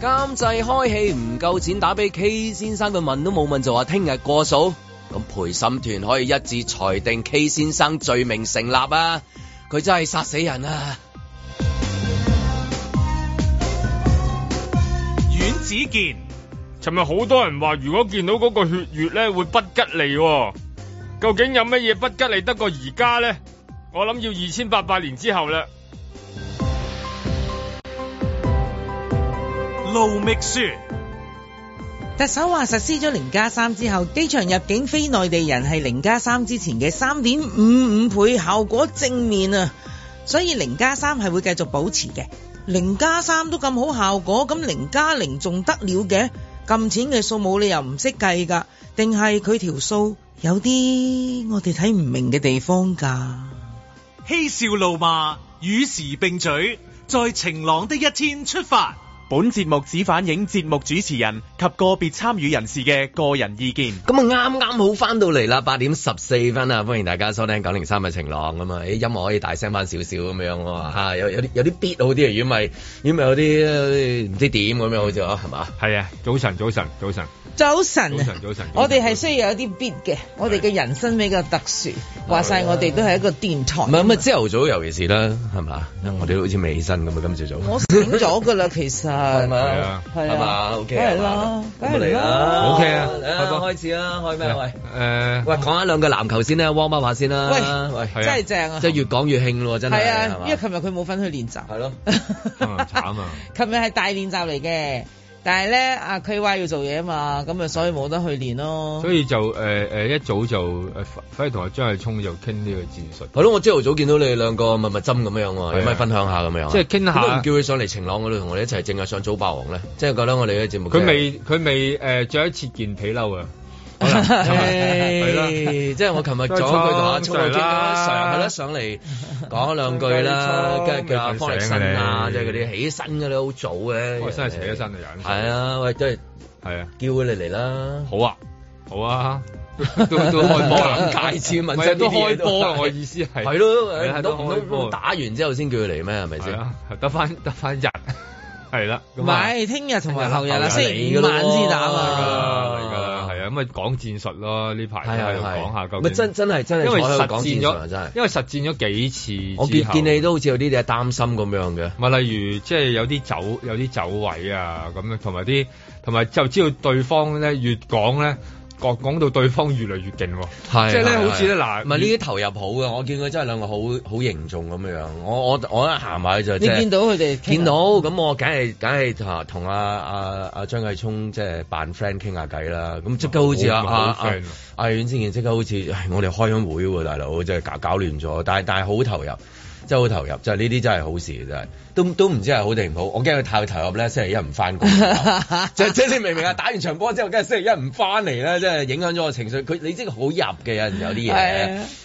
監製風開戲唔夠錢，打俾 K 先生，佢問都冇問就話聽日過數，咁陪審團可以一致裁定 K 先生罪名成立啊！佢真係殺死人啊！阮子健，尋日好多人話，如果見到嗰個血月咧會不吉利，哦，究竟有乜嘢不吉利得過而家咧？我諗要二千八百年之後啦。特首話實施咗零加三之後，機場入境非內地人係零加三之前嘅三點五五倍，效果正面啊，所以零加三係會繼續保持嘅。零加三都咁好效果，咁零加零仲得了嘅？咁淺嘅數冇理由你又唔識計噶？定係佢條數有啲我哋睇唔明嘅地方噶？嬉笑怒罵與時並舉，在晴朗的一天出發。本節目只反映節目主持人及個別參與人士嘅個人意見。咁啊啱啱好翻到嚟啦，八點十四分啊！歡迎大家收聽九零三嘅晴朗啊嘛，音樂可以大聲翻少少咁樣喎。有有啲有啲 beat 好啲啊，如果唔係，如果唔係有啲唔知點咁樣好似啊，係嘛？係啊，早晨，早晨，早晨。早晨，早晨，早晨。我哋係需要有啲 beat 嘅，我哋嘅人生比較特殊，話晒，我哋都係一個電台。唔係咁啊，朝頭早尤其是啦，係嘛？我哋好似未起身咁啊，今朝早。我醒咗噶啦，其實。係咪？係啊，係嘛？OK，係啦，梗係啦。OK 啊，開翻開始啦，開咩？喂，誒，喂，講下兩個籃球先啦，汪彎話先啦。喂，喂，真係正啊！即係越講越興咯，真係。係啊，因為琴日佢冇份去練習。係咯。慘啊！琴日係大練習嚟嘅。但係咧，阿 ky 要做嘢啊嘛，咁啊所以冇得去練咯。所以，所以就誒誒、呃、一早就誒，可以同阿張毅聰就傾呢個戰術，嗯。係咯，我朝頭早見到你哋兩個密密針咁樣，可唔可以分享下咁樣？即係傾下。都唔叫佢上嚟晴朗嗰度同我哋一齊，淨係上早霸王咧，即係覺得我哋嘅節目。佢未佢未誒，着、呃、一次件皮褸啊！係即係我琴日早句同阿聰啦，上上嚟講兩句啦，跟住叫阿方力晨啊，即係佢啲起身㗎。」咧，好早嘅。我真係起身嘅人。係啊，喂，都係係啊，叫你嚟啦。好啊，好啊，都都開波啦，介紹問啫，都開波我意思係。係咯，都都打完之後先叫佢嚟咩？係咪先？得翻得翻日，係啦。唔係，聽日同埋後日啊，星期五晚先打啊。咁咪講戰術咯，呢排係講下，咁咪真真係真係因為實戰咗真係因為實戰咗幾次。我見見你都好似有啲你係擔心咁樣嘅。咪例如即係有啲走有啲走位啊咁樣，同埋啲同埋就知道對方咧越講咧。講到對方越嚟越勁喎、哦，即係咧好似咧嗱，唔係呢啲投入好嘅，我見佢真係兩個好好凝重咁樣樣。我我我一行埋就、就是，你見到佢哋見到，咁、啊啊啊啊、我梗係梗係同同阿阿阿張繼聰即係扮 friend 傾下偈啦。咁即刻好似阿阿阿阮之健，即刻好似我哋開緊會喎，大佬即係搞搞亂咗，但係但係好投入。真係好投入，就係呢啲真係好事就真係都都唔知係好定唔好，我驚佢太投入咧，星期一唔翻工。即即 你明唔明啊？打完場波之後，跟住星期一唔翻嚟咧，即係影響咗我情緒。佢你知係好入嘅，人有有啲嘢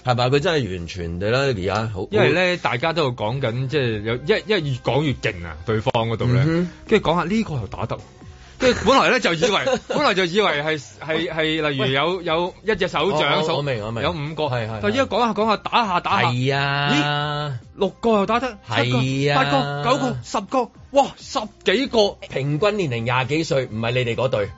係咪？佢 真係完全對啦，而家好。因為咧，大家都會講緊，即係又一一越講越勁啊！對方嗰度咧，跟住講下呢、呢個又打得。即 本來咧就以為，本來就以為係係係，例如有有一隻手掌，我,我,我明我明，有五個係係。是是是但依家講下講下,是是一下，打下打下，係是啊咦，六個又打得，係是啊，八個、九個、十個，哇，十幾個，平均年齡廿幾歲，唔係你哋嗰隊，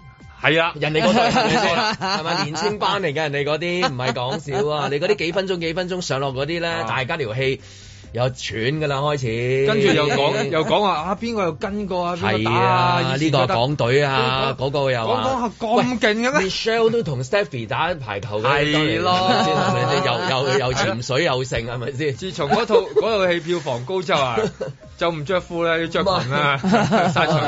係是啊，人哋嗰隊，係咪，年青班嚟嘅人哋嗰啲唔係講笑啊，你嗰啲幾分鐘幾分鐘上落嗰啲咧，是啊、大家聊氣。有喘㗎喇，開始跟住又講，又講話啊，邊個又跟過，跟過啊？邊個打啊？呢度係港隊啊，嗰、啊、個又講講下咁勁嘅咩喂 Michelle 都同 Stephy 打一排球嘅的，係咯、啊？係咪你又又又潛水又勝係咪先？是是自從嗰套嗰套戲票房高之後啊！ 就唔着褲咧，要着裙啦，曬場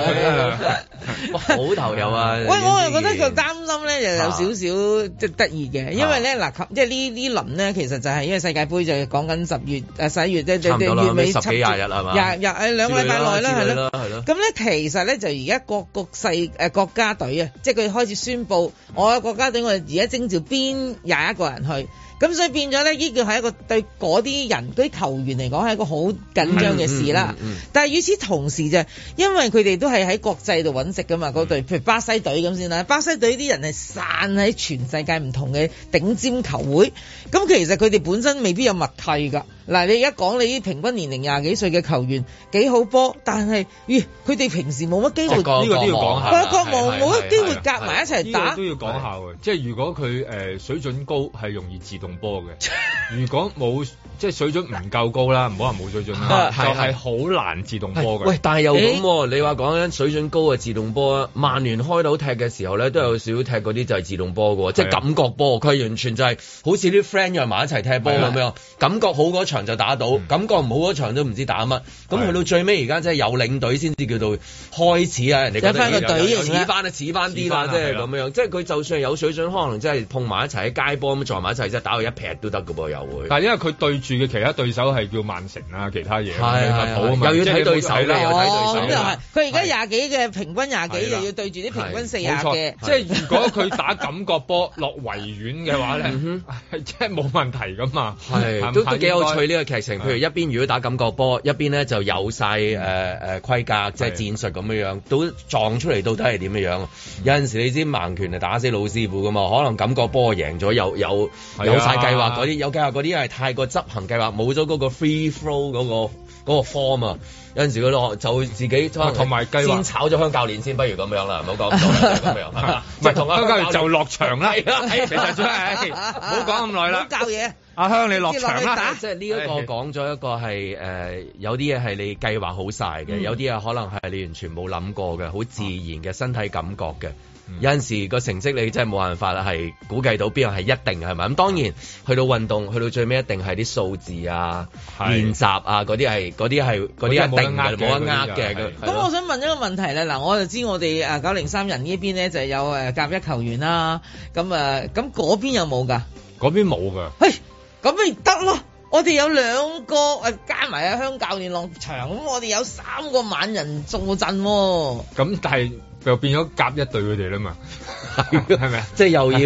好頭有啊！喂，我又覺得就擔心咧，又有少少即係得意嘅，因為咧嗱，即係呢呢輪咧，其實就係因為世界盃就講緊十月誒十一月即係月尾十幾廿日係嘛？廿廿誒兩禮拜內啦，係咯係咯。咁咧其實咧就而家各國勢誒國家隊啊，即係佢開始宣布，我嘅國家隊我哋而家徵召邊廿一個人去。咁所以變咗咧，呢個係一個對嗰啲人，啲球員嚟講，係一個好緊張嘅事啦。嗯嗯嗯嗯嗯，但係與此同時，就，因為佢哋都係喺國際度揾食噶嘛，嗰隊譬如巴西隊咁先啦。巴西隊啲人係散喺全世界唔同嘅頂尖球會，咁其實佢哋本身未必有默契㗎。嗱，你一講你啲平均年齡廿幾歲嘅球員幾好波，但係咦，佢，呃，哋平時冇乜機會呢個都要講下，不過冇冇乜機會夾埋一齊打都，這個，要講下嘅。嗎即係如果佢誒，呃，水準高，係容易接動波嘅，如果冇，即係水準唔夠高啦，唔好話冇水準啦，就係好難自動波嘅。喂，但係又咁，你話講緊水準高嘅自動波，曼聯開到踢嘅時候咧，都有少少踢嗰啲就係自動波嘅，即係感覺波，佢完全就係好似啲 friend 約埋一齊踢波咁樣，感覺好嗰場就打到，感覺唔好嗰場都唔知打乜。咁去到最尾而家，即係有領隊先至叫做開始啊！人哋睇翻個隊形，似翻啊，似翻啲啦，即係咁樣，即係佢就算有水準，可能即係碰埋一齊喺街波咁撞埋一齊即係打。一劈都得噶喎，又會，但係因為佢對住嘅其他對手係叫曼城啊，其他嘢係又要睇對手啦，又睇對手佢而家廿幾嘅平均廿幾，又要對住啲平均四廿嘅，即係如果佢打感覺波落圍院嘅話咧，即係冇問題㗎嘛，係都都幾有趣呢個劇情。譬如一邊如果打感覺波，一邊咧就有曬誒規格，即係戰術咁樣樣，都撞出嚟到底係點樣樣？有陣時你知盲拳係打死老師傅噶嘛？可能感覺波贏咗，又有有。晒計劃嗰啲，有計劃嗰啲係太過執行計劃，冇咗嗰個 free flow 嗰個、嗰個、嗰個、form 啊，有陣時嗰啲就自己同埋計劃，先炒咗香教練先，不如咁樣啦，唔好講咁樣。唔係同阿香教練 就落場啦。係啦， 其實真係唔好講咁耐啦。教嘢，阿香你落場啦。即係呢一個講咗一個係誒，有啲嘢係你計劃好晒嘅，嗯、有啲嘢可能係你完全冇諗過嘅，好自然嘅身體感覺嘅。嗯、有陣時個成績你真係冇辦法啦，係估計到邊樣係一定係咪咁？當然去到運動，去到最尾一定係啲數字啊、練習的啊嗰啲係，嗰啲係嗰啲一定嘅，冇得呃嘅。咁我想問一個問題咧，嗱，我就知我哋誒九零三人呢邊咧就係有誒甲一球員啦，咁啊咁嗰邊有冇噶？嗰邊冇噶。嘿，咁咪得咯？我哋有兩個誒加埋阿香教練落場，咁我哋有三個猛人坐陣、啊。咁但係。又變咗夾一對佢哋啦嘛，係咪？即係又要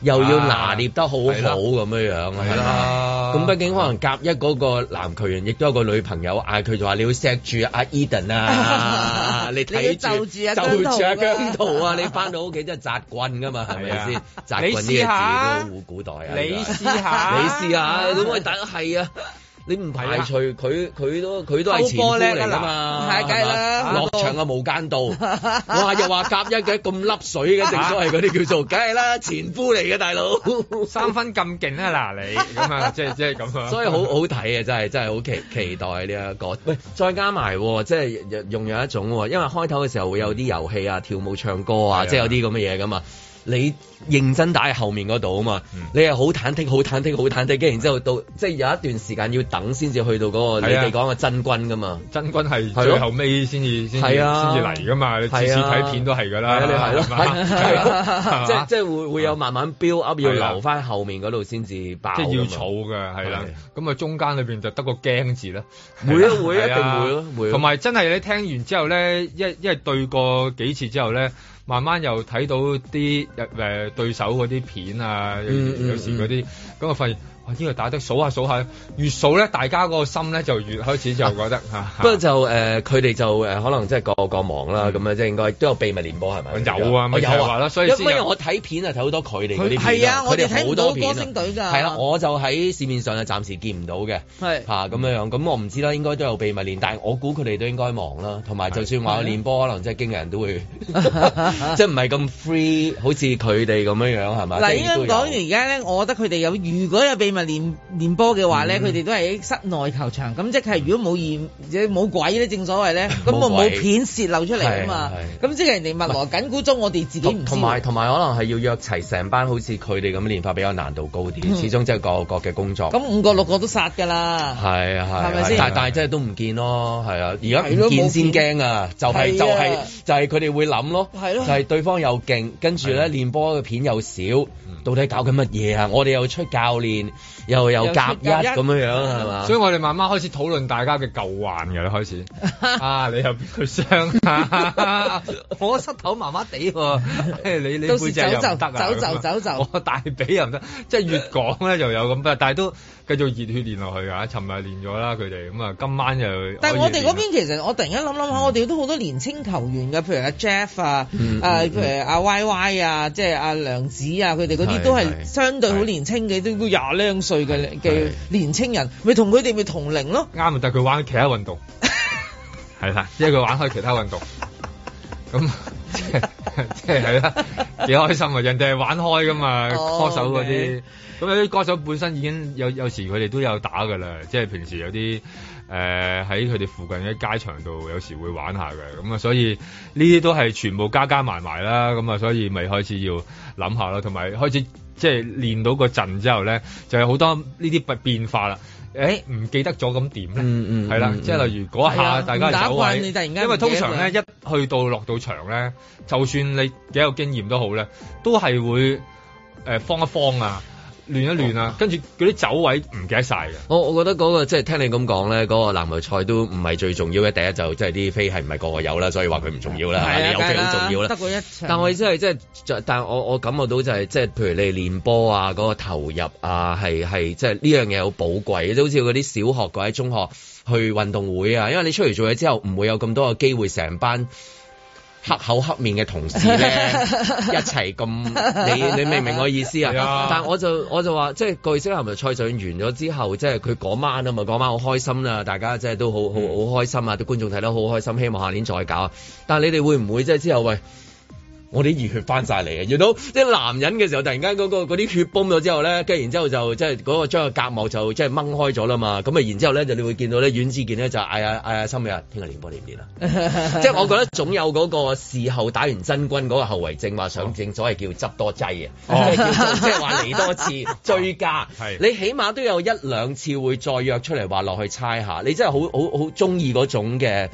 又要拿捏得好好咁樣樣啦。咁畢竟可能夾一嗰個籃球員亦都有個女朋友，嗌佢就話你要錫住阿 Edan 啊，你睇住，就住阿姜濤啊！你翻到屋企真係紮棍噶嘛，係咪先？紮棍呢字都好古代啊！你試下，你試下，咁啊，係啊。你唔排除佢，佢、啊、都佢都係前夫嚟噶嘛？係梗係啦，落嗎場啊無間道，啊、哇又話夾一嘅咁粒水嘅，正所謂嗰啲叫做，梗係啦前夫嚟嘅大佬，三分咁勁啊嗱你，咁啊即係即係咁啊，就是、樣所以好好睇啊真係真係好期期待呢一個，喂再加埋即係用用有一種，因為開頭嘅時候會有啲遊戲啊、嗯、跳舞、唱歌啊，的即係有啲咁嘅嘢噶嘛，你。認真打喺後面嗰度啊嘛，你係好忐忑、好忐忑、好忐忑，跟然之後到即係有一段時間要等先至去到嗰個你哋講嘅真君噶嘛，真君係最後尾先至先至先至嚟噶嘛。你次次睇片都係噶啦，係即係即係會會有慢慢 build up 要留翻後面嗰度先至爆，即係要儲嘅係啦，咁啊中間裏邊就得個驚字啦，會啊會一定會咯，同埋真係你聽完之後咧，一一係對過幾次之後咧，慢慢又睇到啲誒。對手嗰啲片啊，嗯、有時嗰啲，咁、嗯嗯、我發現。因為打得數下數下，越數咧，大家個心咧就越開始就覺得嚇。不過就誒，佢哋就誒，可能即係個個忙啦，咁樣，即係應該都有秘密練波，係咪？有啊，咪有啊。所以因為我睇片啊，睇好多佢哋嗰啲片。係啊，我哋睇好多歌星隊㗎。係啦，我就喺市面上就暫時見唔到嘅。咁樣咁我唔知啦。應該都有秘密練，但係我估佢哋都應該忙啦。同埋就算話練波，可能即係經人都會即係唔係咁 free，好似佢哋咁樣樣係咪？嗱，應講完而家咧，我覺得佢哋有如果有秘密。啊！練練波嘅話咧，佢哋都係喺室內球場，咁即係如果冇二，即係冇鬼咧。正所謂咧，咁我冇片洩漏出嚟啊嘛。咁即係人哋問我緊箍中，我哋自己唔知。同埋同埋，可能係要約齊成班，好似佢哋咁練法比較難度高啲。始終即係個個嘅工作。咁五個六個都殺㗎啦。係啊係。係咪先？但但係真係都唔見咯。係啊，而家唔見先驚啊！就係就係就係佢哋會諗咯。係咯。就係對方又勁，跟住咧練波嘅片又少，到底搞緊乜嘢啊？我哋又出教練。又有夾一咁樣樣，係嘛吧？所以我哋慢慢開始討論大家嘅舊患㗎，你開始 啊！你又邊度傷、啊？ 我膝頭麻麻地喎，你你背脊又唔得走就走走，我大髀又唔得， 即係越講咧又有咁，但係都。繼續熱血練落去嚇，尋日練咗啦佢哋，咁啊今晚就去。但我哋嗰邊其實，我突然間諗諗下，嗯、我哋都好多年青球員嘅，譬如阿、啊、Jeff 啊，嗯嗯嗯啊，譬如阿、啊、Y Y 啊，即係阿梁子啊，佢哋嗰啲都係相對好年青嘅，都廿零歲嘅嘅年青人，咪同佢哋咪同齡咯。啱啊，但佢玩其他運動，係啦， 因為佢玩開其他運動，咁 即係係啦，幾開心啊！人哋係玩開㗎嘛，歌、oh，手嗰啲。Okay. 咁有啲歌手本身已經有有時佢哋都有打㗎啦，即係平時有啲誒喺佢哋附近嘅街場度，有時會玩下嘅。咁、嗯、啊，所以呢啲都係全部加加埋埋啦。咁、嗯、啊，所以咪開始要諗下咯，同埋開始即係練到個陣之後咧，就有好多呢啲變化啦。誒、欸、唔記得咗咁點咧？嗯係啦，即係例如嗰下大家打慣，因為通常咧嗎一去到落到場咧，就算你幾有經驗都好咧，都係會誒、呃、慌一慌啊！亂一亂啊，哦、跟住嗰啲走位唔記得晒嘅。我、哦、我覺得嗰、嗰個即係聽你咁講咧，嗰、嗰個籃球賽都唔係最重要嘅。第一，就即係啲飛係唔係個個有啦，所以話佢唔重要啦。係啊，你有飛好重要啦。得過一場，但我意思係即係但係我我感覺到就係即係，譬如你練波啊，嗰、嗰個投入啊，係係即係呢樣嘢好寶貴。好似嗰啲小學或者中學去運動會啊，因為你出嚟做嘢之後唔會有咁多嘅機會，成班。黑口黑面嘅同事咧， 一齊咁，你你明唔明我意思啊？ 但係我就我就話，即係據稱係咪賽上完咗之後，即係佢嗰晚啊嘛，嗰、就是、晚好開心啊，大家即係都好好好開心啊，啲、嗯、觀眾睇得好開心，希望下年再搞。但係你哋會唔會即係、就是、之後喂？我啲熱血翻晒嚟嘅，遇到即係男人嘅時候，突然間、那、嗰個嗰啲、那個、血崩咗之後咧，跟住然之後就即係嗰個將個甲膜就即係掹開咗啦嘛。咁啊，然之後咧就你會見到咧，阮志健咧就嗌呀嗌呀，心尾啊，聽日練波練唔練啊？即係我覺得總有嗰個事後打完真軍嗰個後遺症，話上正咗係叫執多劑嘅，叫 即係話嚟多次追加。 你起碼都有一兩次會再約出嚟話落去猜下，你真係好好好中意嗰種嘅。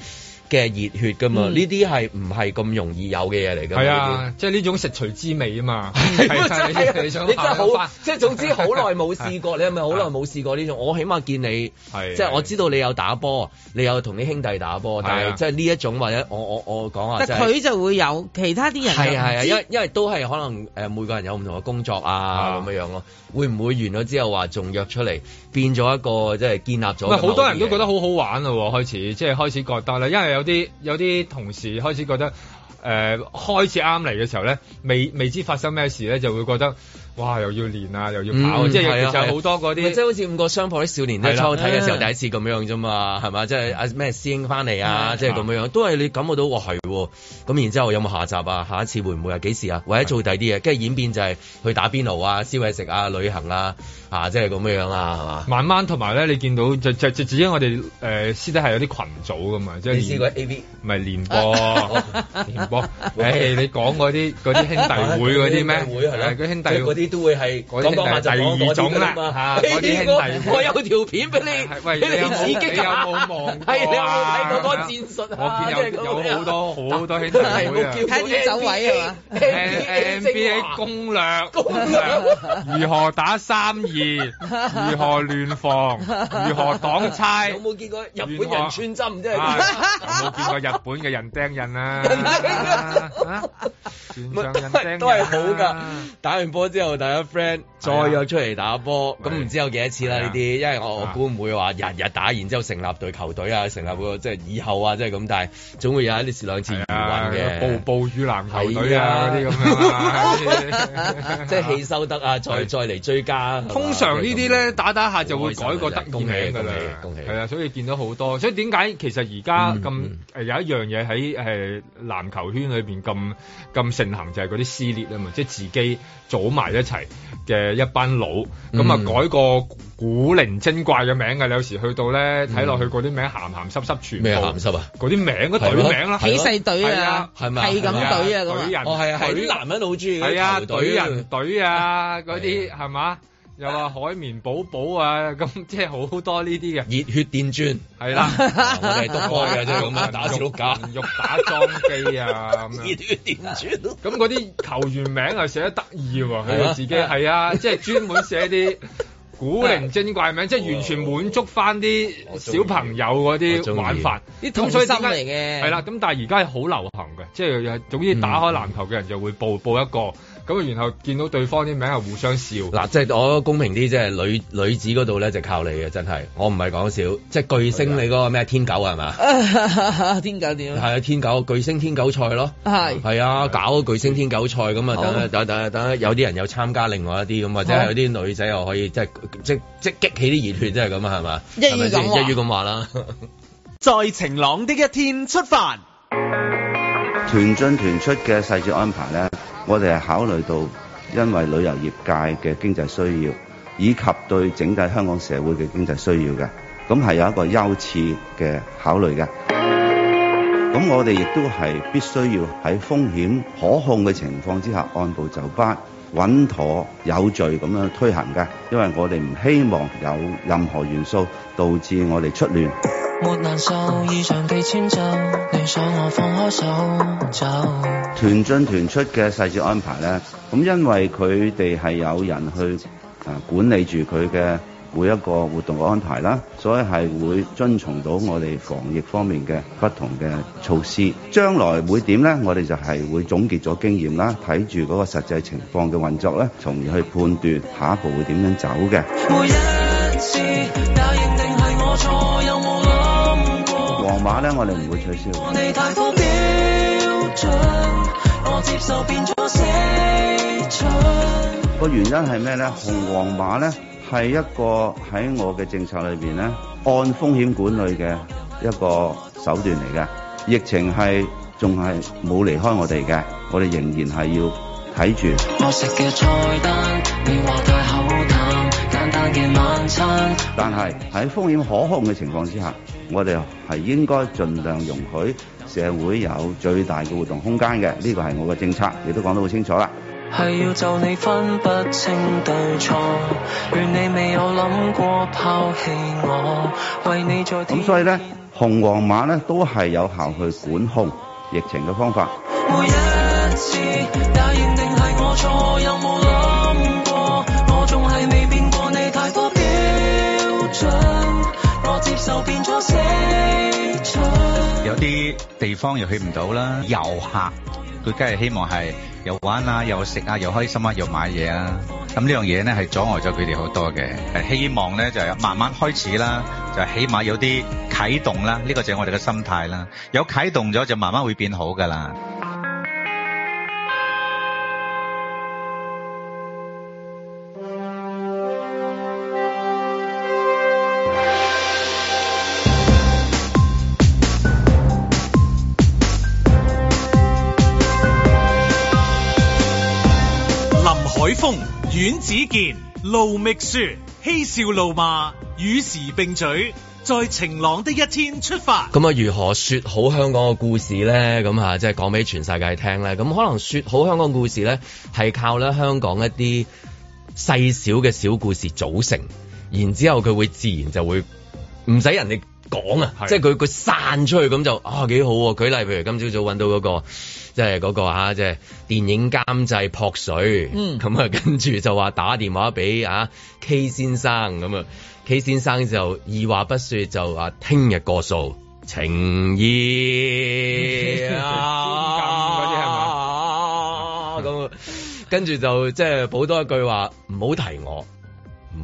嘅熱血噶嘛？呢啲係唔係咁容易有嘅嘢嚟㗎？係啊，即係呢種食髓知味啊嘛！係係，你真係好，即係總之好耐冇試過，你係咪好耐冇試過呢種？我起碼見你，即係我知道你有打波，你有同啲兄弟打波，但係即係呢一種或者我我我講下，係佢就會有其他啲人係係啊，因因為都係可能誒每個人有唔同嘅工作啊咁樣樣咯，會唔會完咗之後話仲約出嚟？變咗一個即係建立咗，好多人都覺得好好玩咯。開始即係開始覺得啦，因為有啲有啲同事開始覺得，誒、呃，開始啱嚟嘅時候咧，未未知發生咩事咧，就會覺得。哇！又要練啊，又要跑，即係其實好多嗰啲，即係好似五個商鋪啲少年咧，初睇嘅時候，第一次咁樣啫嘛，係嘛？即係阿咩師兄翻嚟啊，即係咁樣樣，都係你感覺到哇係喎，咁然之後有冇下集啊？下一次會唔會啊？幾時啊？或者做第二啲嘢，跟住演變就係去打邊爐啊、燒嘢食啊、旅行啦，啊，即係咁樣樣啦，係嘛？慢慢同埋咧，你見到就就就，因為我哋誒師弟係有啲群組噶嘛，即係你試過 A V？唔係連波，連波，你講嗰啲嗰啲兄弟會嗰啲咩？兄弟會係啦，嗰兄弟啲。都會係講講下就係第二種啦嘛。我我有條片俾你，俾你自己嚇。係你有冇睇過個戰術啊？我見有好多好多兄弟睇啲走位係嘛？NBA 攻略，如何打三二？如何聯防？如何擋拆？有冇見過日本人穿針？即係點？有冇見過日本嘅人釘人啊？都係好噶，打完波之後。第一 friend 再約出嚟打波，咁唔知有幾多次啦？呢啲，因為我我估唔會話日日打，然之後成立隊球隊啊，成立即係以後啊，即係咁，但係總會有一時兩次嘅。暴暴主籃球隊啊，啲咁樣即係氣收得啊，再再嚟追加。通常呢啲咧打打下就會改過得冠名㗎啦，係啊，所以見到好多。所以點解其實而家咁有一樣嘢喺誒籃球圈裏邊咁咁盛行，就係嗰啲撕裂啊嘛，即係自己組埋一。一齊嘅一班佬咁啊，改個古靈精怪嘅名嘅，你有時去到咧，睇落去嗰啲名鹹鹹濕濕，全部咩鹹濕啊？嗰啲名，嗰隊名啦，幾細隊啊，係咪？係咁隊啊，咁人係啊，隊男人老中意係啊，隊人隊啊，嗰啲係嘛？又話海綿寶寶啊，咁即係好多呢啲嘅。熱血電鑽係啦，我哋係督開嘅，即係咁啊，打小碌架、肉打裝機啊，咁熱血電鑽。咁嗰啲球員名係寫得得意喎，佢自己係啊，即係專門寫啲古靈精怪名，即係完全滿足翻啲小朋友嗰啲玩法。啲童心嚟嘅。係啦，咁但係而家係好流行嘅，即係總之打開籃球嘅人就會報報一個。咁然後見到對方啲名啊，互相笑。嗱，即係我公平啲，即係女女子嗰度咧，就靠你嘅，真係。我唔係講笑，即係巨星，你嗰個咩天狗啊，係嘛？天狗點樣？係啊，天狗巨星天狗賽咯。係係啊，搞巨星天狗賽咁啊，等等等等有啲人又參加另外一啲咁，或者係有啲女仔又可以即係即即激起啲熱血，即係咁啊，係嘛？係咪咁？一於咁話啦。在晴朗的一天出發。團進團出嘅細節安排咧。我哋係考慮到，因為旅遊業界嘅經濟需要，以及對整體香港社會嘅經濟需要嘅，咁係有一個優次嘅考慮嘅。咁我哋亦都係必須要喺風險可控嘅情況之下按部就班、穩妥有序咁樣推行嘅，因為我哋唔希望有任何元素導致我哋出亂。沒難受以上你想我放開手走團進團出嘅細節安排呢，咁因為佢哋係有人去啊管理住佢嘅每一個活動嘅安排啦，所以係會遵從到我哋防疫方面嘅不同嘅措施。將來會點呢？我哋就係會總結咗經驗啦，睇住嗰個實際情況嘅運作呢，從而去判斷下一步會點樣走嘅。話咧，我哋唔會取消。個原因係咩咧？紅黃馬咧係一個喺我嘅政策裏邊咧，按風險管理嘅一個手段嚟嘅。疫情係仲係冇離開我哋嘅，我哋仍然係要睇住。但係喺風險可控嘅情況之下，我哋係應該盡量容許社會有最大嘅活動空間嘅，呢、這個係我嘅政策，亦都講得好清楚啦。咁所以咧，紅黃碼咧都係有效去管控疫情嘅方法。每一次啲地方又去唔到啦，遊客佢梗係希望係又玩啦，又食啊，又開心啊，又買嘢啊。咁呢樣嘢咧係阻礙咗佢哋好多嘅。希望咧就係慢慢開始啦，就起碼有啲啟動啦。呢個就係我哋嘅心態啦。有啟動咗就慢慢會變好噶啦。阮子健盧覓雪嬉笑怒罵與時並舉，在晴朗的一天出發。咁啊，如何說好香港嘅故事呢？咁啊，即係講俾全世界聽咧。咁可能說好香港故事呢，係靠咧香港一啲細小嘅小、小故事組成，然之後佢會自然就會唔使人哋。講啊，即係佢佢散出去咁就啊幾好喎。舉例譬如今朝早搵到嗰個即係嗰個吓即係電影監製撲水，咁啊、嗯、跟住就話打電話俾啊 K 先生咁啊，K 先生就二話不說就話聽日過數情意。啊，咁、啊啊啊啊、 跟住就即係補多一句話唔好提我。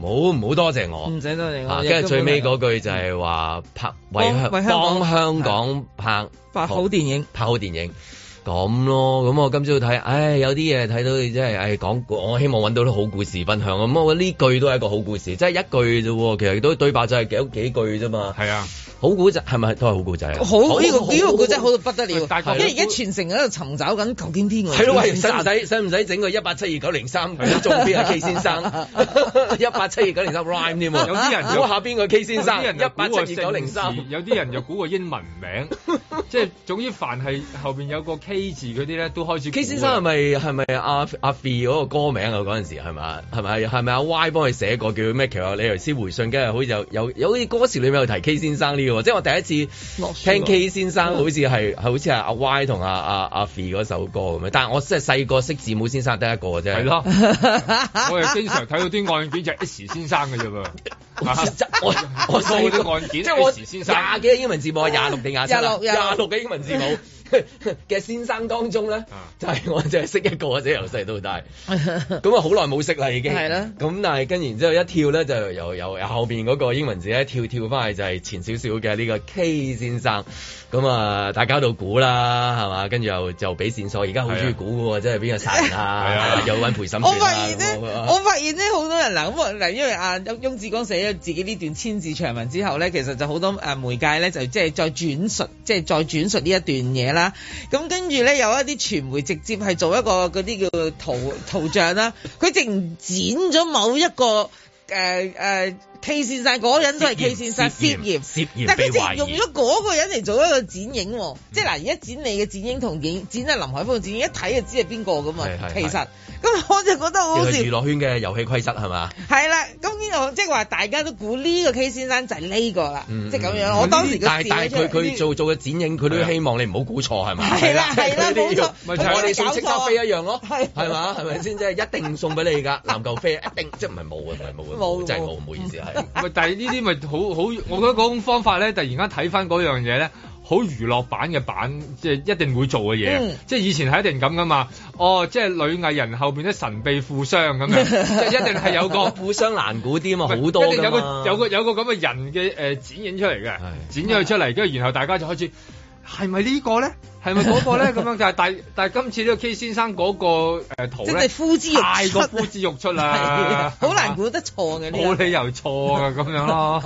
唔好多謝我，唔使多謝我，跟住、啊、最尾嗰句就係話拍為香港拍好電影，拍好電影咁咯。咁我今朝睇，唉，有啲嘢睇到，你真係唉講。我希望揾到啲好故事分享。咁我覺得呢句都係一個好故事，即係一句啫喎。其實都對白就係幾幾句啫嘛。係啊。好古仔，係咪都係好古仔？好，呢個呢個古仔好到不得了，大家而家全城喺度尋找緊究竟邊個喎。係咯，喂！使唔使使唔使整個一八七二九零三做邊個 K 先生？一八七二九零三 rhyme 添喎，有啲人估下邊個 K 先生？一八七二九零三。有啲人又估個英文名，即係總之凡係後邊有個 K 字嗰啲咧，都開始。K 先生係咪係咪阿阿 B 嗰個歌名啊？嗰陣時係咪係咪係咪阿 Y 幫佢寫過叫咩？其實你頭先回信跟住好似有有有啲歌詞裏面有提 K 先生呢？即係我第一次聽 K 先生好似係係，好似係好似係阿 Y 同阿阿阿 Free 嗰首歌咁樣，但係我即係細個識字母先生得一個嘅啫。係咯啦， 我係經常睇到啲案件就 S 先生嘅啫噃。我、啊、我數啲案件 S 即，即係我廿幾個英文字母，廿六定廿七啦，廿六嘅英文字母。 嘅 先生當中咧，啊、就係我淨係識一個，或者由細到大，咁啊好耐冇識啦已經係啦。咁但係跟然之後一跳咧，就由由後邊嗰個英文字咧跳跳翻去就係前少少嘅呢個 K 先生。咁啊，大家、嗯、度估啦，係嘛？跟住又就俾線索，而家好中意估嘅喎，真係邊個殺人啊？係是啊，啊，又揾陪審團啊！我發現咧，麼我發現咧，好多人嗱，咁嗱麼，我因為啊，翁志剛寫咗自己呢段千字長文之後咧，其實就好多誒媒介咧，就即係再轉述，即、就、係、是、再轉述呢一段嘢啦。咁跟住咧，有一啲傳媒直接係做一個嗰啲叫圖 圖像啦，佢直接剪咗某一個誒、呃呃 K 先生嗰人都係 K 先生，涉業業，但係佢即係用咗嗰個人嚟做一個剪影，即係嗱，而家剪你嘅剪影同剪剪阿林海峰嘅剪影一睇就知係邊個咁嘛其實，咁我就覺得好好笑。娛樂圈嘅遊戲規則係嘛？係啦，咁呢個即係話大家都估呢個 K 先生就係呢個啦，即係咁樣。我當時嘅但但係佢做做嘅剪影，佢都希望你唔好估錯係嘛？係啦係啦，估錯我哋送赤鶇飛一樣咯，係嘛係咪先，即係一定送俾你㗎籃球飛，一定即係唔係冇㗎，唔係冇，真係冇，唔好意思啊！ 但係呢啲咪好好，我覺得嗰種方法咧，突然間睇翻嗰樣嘢咧，好娛樂版嘅版，即係一定會做嘅嘢。嗯、即係以前係一定咁噶嘛。哦，即係女藝人後面啲神秘富商咁樣， 即係一定係有個富商難估啲嘛。好多噶。有個有個有個咁嘅人嘅、呃、剪影出嚟嘅，剪咗佢出嚟，跟住然後大家就開始。係咪呢是不是那個咧？係咪嗰個咧？咁樣就係第但係今次呢個 K 先生嗰個誒圖咧，是之太過呼之欲出啦，好 的吧難估得錯嘅。冇理由錯嘅咁 樣咯，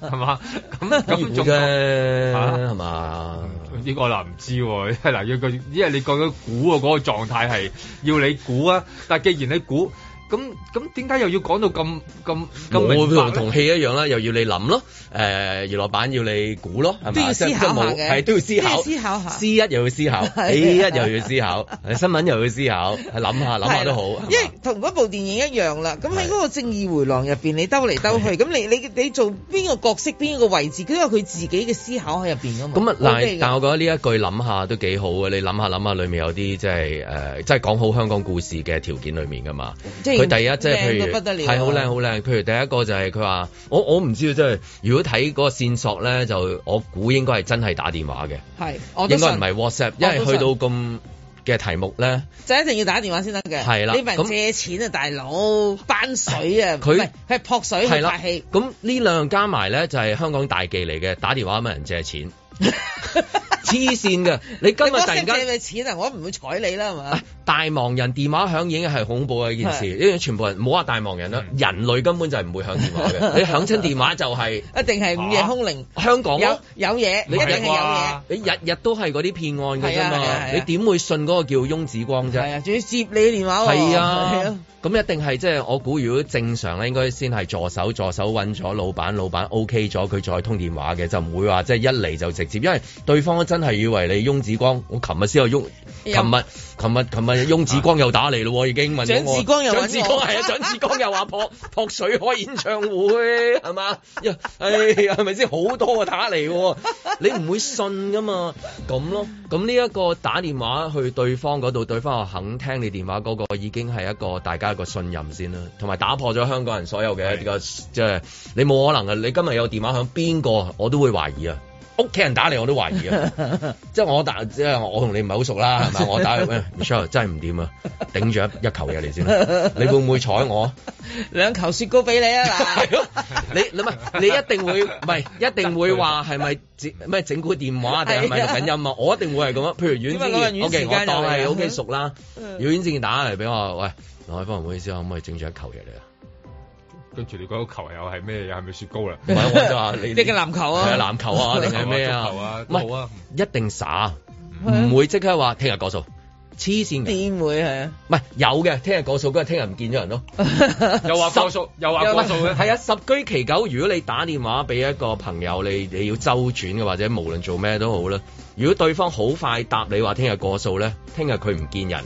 係嘛 ？咁咁仲啊，係嘛吧？呢個就唔知喎，嗱，要為因為你講得估啊，嗰、那個狀態係要你估啊，但既然你估。咁咁點解又要講到咁咁咁？我同同戲一樣啦，又要你諗咯。誒娛樂版要你估咯，係咪？都要思考下嘅。都要思考。思考下。C 一又要思考，A 一又要思考，新聞又要思考，諗下諗下都好。因為同嗰部電影一樣啦。咁喺嗰個正義迴廊入邊，你兜嚟兜去，咁你你你做邊個角色、邊個位置，都有佢自己嘅思考喺入邊㗎嘛。咁啊，但係但係，我覺得呢一句諗下都幾好啊，你諗下諗下，裡面有啲即係誒，即係講好香港故事嘅條件裡面㗎嘛。即係。佢第一即係譬如係好靚好靚，譬如第一個就係佢話，我我唔知啊，真係如果睇嗰個線索咧，就我估應該係真係打電話嘅，係應該唔係 WhatsApp，因為去到咁嘅題目咧，就一定要打電話先得嘅，係啦的，你問人借錢啊那大佬，扮水啊，佢係他撲水，係啦，咁呢兩加埋咧就係、是、香港大忌嚟嘅，打電話問人借錢。 黐線㗎！你今日突然間借錢嚟，我唔會睬你啦，係嘛？大忙人電話響已經係恐怖嘅一件事，因為的全部人唔好話大忙人啦，嗯、人類根本就唔會響電話嘅。 你響親電話就係、是、一定係午夜空靈，啊、香港、啊、有有嘢，一定係有嘢。你日日都係嗰啲騙案㗎啫嘛？你點會信嗰個叫翁子光啫？仲要接你電話？係啊，咁一定係即係我估，如果正常咧，應該先係助手，助手揾咗老闆，老闆 OK 咗，佢再通電話嘅，就唔會話即係一嚟就直接，因為對方真。係以為你翁子光，我琴日先有翁，琴日，琴日，琴日翁子光又打嚟咯，已經問了我。蔣志光又光，子光係啊，子光又話破破水開演唱會係、哎、嘛？呀，哎係咪先好多啊打嚟？你唔會信㗎嘛？咁咯，咁呢一個打電話去對方嗰度，對方又肯聽你電話嗰個，個，已經係一個大家一個信任先啦。同埋打破咗香港人所有嘅呢、這個，即係是的、就是、你冇可能啊！你今日有電話響邊個，我都會懷疑啊！屋企人打嚟我都懷疑啊， 即係我打即係我同你唔係好熟啦，係咪？我打你，唔該，唔該，真係唔掂啊！頂住一,一球嘢嚟先，你會唔會睬我？ 兩球雪糕俾你啊！嗱， 你唔係你一定會唔係一定會話係咪整咩整蠱電話定係咪錄緊音啊？ 我一定會係咁啊！譬如遠線，OK，我當係 OK 熟啦。遠遠線打嚟俾我，喂，羅海峯，唔好意思，可唔可以整住一球嘢嚟啊？跟住你嗰個球友係咩？又係咪雪糕啦？唔係我就話你嘅籃球啊，係籃、啊、球啊，定係咩啊？唔係、啊、一定耍，唔會即刻話聽日過數，黐線嘅點會係啊？唔係、啊、有嘅，聽日過數，今日聽日唔見咗人咯。 又話過數，十又話過數，係啊！十居其九，如果你打電話俾一個朋友，你你要周轉嘅或者無論做咩都好啦，如果對方好快答你話聽日過數咧，聽日佢唔見人。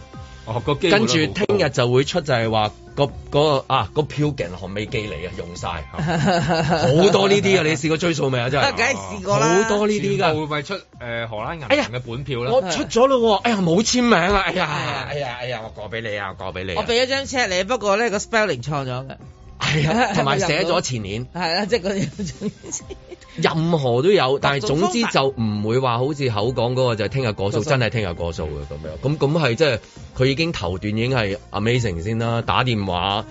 哦、跟住聽日就會出就，就係話個個啊個票勁，學美機嚟啊，用曬好 多呢啲啊！ 你試過追數未啊？真係，梗係試過啦，好多呢啲噶全會唔會出誒、呃、荷蘭銀嘅本票啦、哎！我出咗咯喎，哎呀冇簽名啊！哎呀哎呀哎呀，我過俾你啊，過俾你、啊，我俾咗張 check 你，不過咧個 spelling 錯咗嘅，係啊、哎，同埋寫咗前年，係啊、 哎，即係嗰啲。 哎 任何都有，但係總之就唔會話好似口講嗰個就係聽日過數，實真係聽日過數嘅咁樣。咁咁係即係佢已經頭段已經係 amazing 先啦，打電話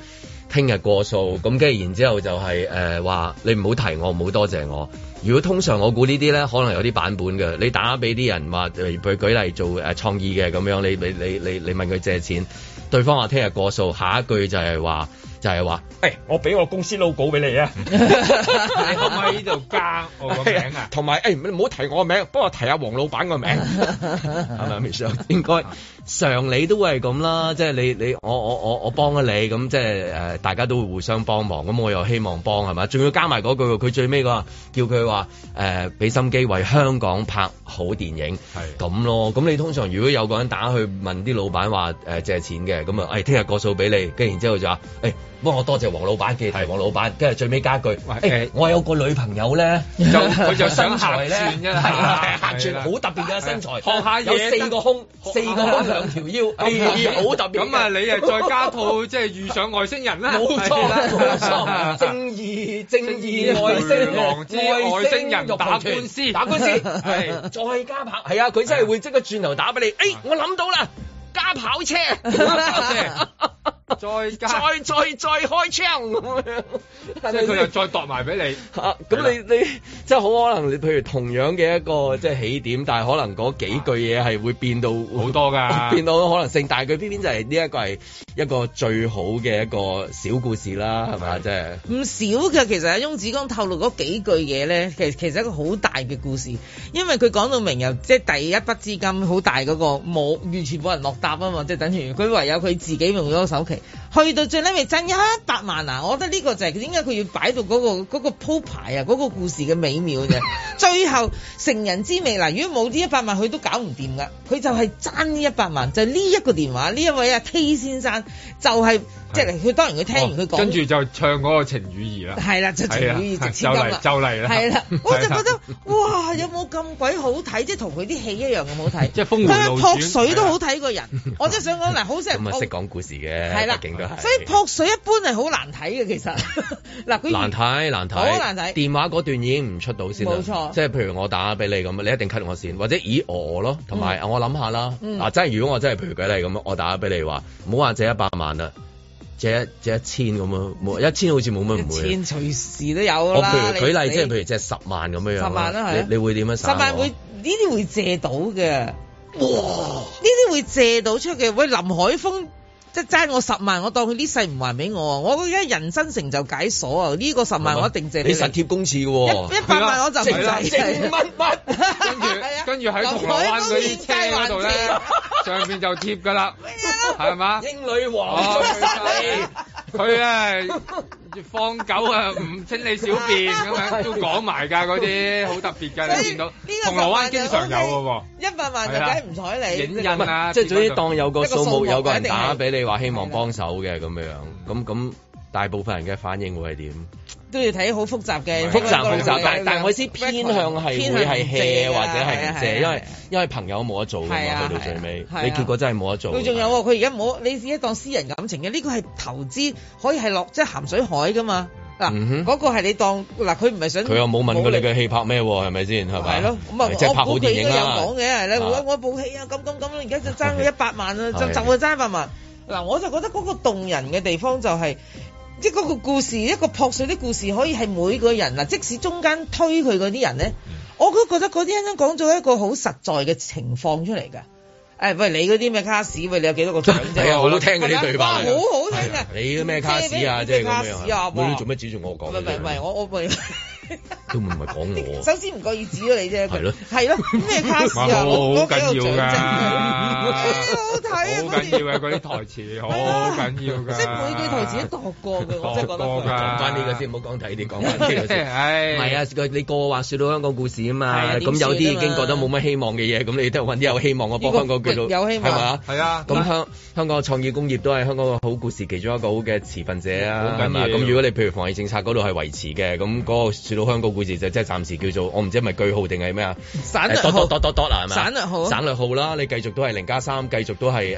聽日過數，咁跟住然之後就係誒話，你唔好提我，唔好多謝我。如果通常我估呢啲咧，可能有啲版本嘅，你打俾啲人話佢舉例做創意嘅咁樣，你你你你你問佢借錢，對方話聽日過數，下一句就係話。就係話，誒、哎，我俾我公司 logo 俾你啊！喺度 加我個名啊，同埋誒，你唔好提我個名，幫我提下黃老闆個名，係咪啊？應該 常理都係咁啦，即、就、係、是、你你我我我我幫咗你，咁即係誒，大家都會互相幫忙，咁我又希望幫係嘛？仲要加埋嗰句，佢最尾話叫佢話誒，俾心機為香港拍好電影，係咁是的 咯。咁你通常如果有個人打去問啲老闆話誒、呃、借錢嘅，咁啊，誒聽日個數俾你，跟住然之後就話誒。哎幫我多謝黃老闆嘅係，黃老闆跟住最尾加句，我有個女朋友咧，佢就身材咧，係啦，行轉好特別嘅身材，學下有四個胸，四個胸兩條腰，好特別。咁啊，你啊，再加套即係遇上外星人啦，冇錯啦，冇錯，正義正義外星狼之外星人打官司，打官司係再加跑，係啊，佢真係會即刻轉頭打俾你。咦，我諗到啦，加跑車。再再再再開槍咁樣，即係佢又再度埋俾你。吓咁、啊、你嗎你即係好可能你譬如同樣嘅一個、嗯、即係起點，但係可能嗰幾句嘢係會變到好多噶，變到可能性大，但係佢偏偏就係呢一個係一個最好嘅一個小故事啦，係咪，即係唔少嘅。其實阿翁子光透露嗰幾句嘢咧，其實其實一個好大嘅故事，因為佢講到明又即係第一筆資金好大嗰、那個冇完全冇人落搭啊嘛，即、就、係、是、等於佢唯有佢自己用咗首期。去到最尾咪爭一百萬啊！我覺得呢個就係點解佢要擺到嗰個嗰個鋪排啊，嗰個故事嘅美妙啫。 最後成人之美嗱。如果冇呢一百萬，佢都搞唔掂噶。佢就係爭呢一百萬，就係呢一個電話，呢一位阿 K 先生就係。即係佢當然佢聽完佢講，跟住就唱嗰個情與義啦。係啦，就情與義，就嚟就嚟啦。係啦，我就覺得哇，有冇咁鬼好睇？即係同佢啲戲一樣咁好睇。即係峰迴路轉，佢係撲水都好睇過人。我真係想講嗱，好識咁啊，識講故事嘅，背景都係。所以撲水一般係好難睇嘅，其實嗱，難睇難睇，好難睇。電話嗰段已經唔出到先冇錯。即係譬如我打俾你咁，你一定 cut 我先，或者咦，我咯。同埋我諗下啦，嗱，真係如果我真係譬如舉例咁，我打俾你話，唔好話借一百萬啦。借一借一千咁樣，冇一千好似冇乜唔會。一千隨時都有咯。我譬如舉例，即係譬如借十萬咁樣樣，你你會點樣十萬會呢啲會借到嘅，哇！呢啲會借到出嘅。喂，林海峰，即係齋我十萬，我當佢呢世唔還俾我我而家人生成就解鎖啊，呢個十萬我一定借你。你實貼公廁嘅喎，一百萬我就唔使借跟住，跟住喺度玩嗰車上邊就貼㗎啦，係嘛？英女王佢佢咧放狗啊，唔清理小便咁樣都講埋㗎嗰啲，好特別㗎你見到。銅鑼灣經常有㗎喎，一百萬條仔唔睬你。影印啊，即係總之當有個數目有個人打俾你話希望幫手嘅咁樣，咁咁大部分人嘅反應會係點？都要睇好複雜嘅，複雜複雜，但但係我意思偏向係會係借或者係借，因為因為朋友冇得做㗎嘛，去到最尾，你結果真係冇得做。佢仲有，佢而家冇，你自己當私人感情嘅，呢個係投資可以係落即係鹹水海㗎嘛嗱，嗰個係你當嗱，佢唔係想佢又冇問過你嘅戲拍咩，係咪先係咪？係咯，咁啊，我我部戲啊，咁咁咁，而家就爭佢一百萬啊，就就會爭一百萬。嗱，我就覺得嗰個動人嘅地方就係。即嗰個故事，一個破碎啲故事，可以係每個人嗱，即使中間推佢嗰啲人呢，我都覺得嗰啲人講咗一個好實在嘅情況出嚟㗎。誒，喂，你嗰啲咩卡士，喂，你有幾多個獎啫？係啊，我都聽過嘅對白，好好聽嘅。你嗰咩卡士啊？即係卡咁樣。你做咩指住我講？唔係唔係，我我咪。都唔係講我，首先唔覺意指咗你啫，係咯，係咯，咩卡士啊，我幾有才啫，幾好睇啊！嗰啲嗰啲台詞好緊要㗎，即係每句台詞都度過㗎，我真係覺得。講翻呢個先，唔好講睇啲講緊嘅。唉，唔係啊，你個話説到香港故事啊嘛，咁有啲已經覺得冇乜希望嘅嘢，咁你都揾啲有希望嘅，幫香港叫做有希望啊，係啊，咁香香港創意工業都係香港個好故事其中一個好嘅持份者啊，係嘛？咁如果你譬如防疫政策嗰度係維持嘅，咁嗰個。香港故事就即係暫時叫做我唔知係咪句號定係咩啊？省略號，省略號省略號啦，你繼續都係零加三，繼續都係誒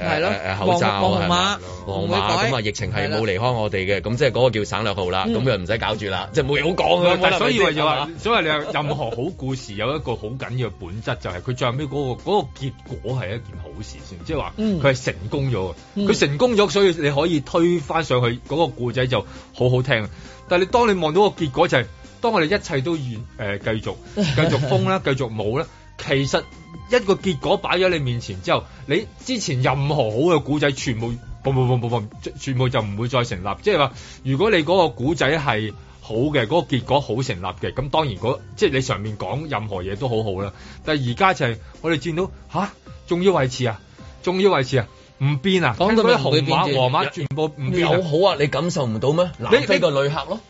誒口罩啊，係咁啊，疫情係冇離開我哋嘅。咁即係嗰個叫省略號啦，咁又唔使搞住啦，即係冇嘢好講。但係所以話所以你話任何好故事有一個好緊要嘅本質，就係佢最後屘嗰個嗰個結果係一件好事先，即係話佢係成功咗佢成功咗，所以你可以推翻上去嗰個故仔就好好聽。但係你當你望到個結果就係。當我哋一切都完，誒、呃、繼續繼續封啦，繼續冇啦。其實一個結果擺咗你面前之後，你之前任何好嘅古仔，全部唔唔唔唔唔，全部就唔會再成立。即係話，如果你嗰個古仔係好嘅，嗰、嗰個結果好成立嘅，咁當然嗰，即係你上面講任何嘢都好好啦。但係而家就係我哋見到，吓、啊，仲要維持啊，仲要維持啊，唔變啊，講的到咩紅碼黃碼，全部唔變有，有好啊，你感受唔到咩？南非嘅旅客咯。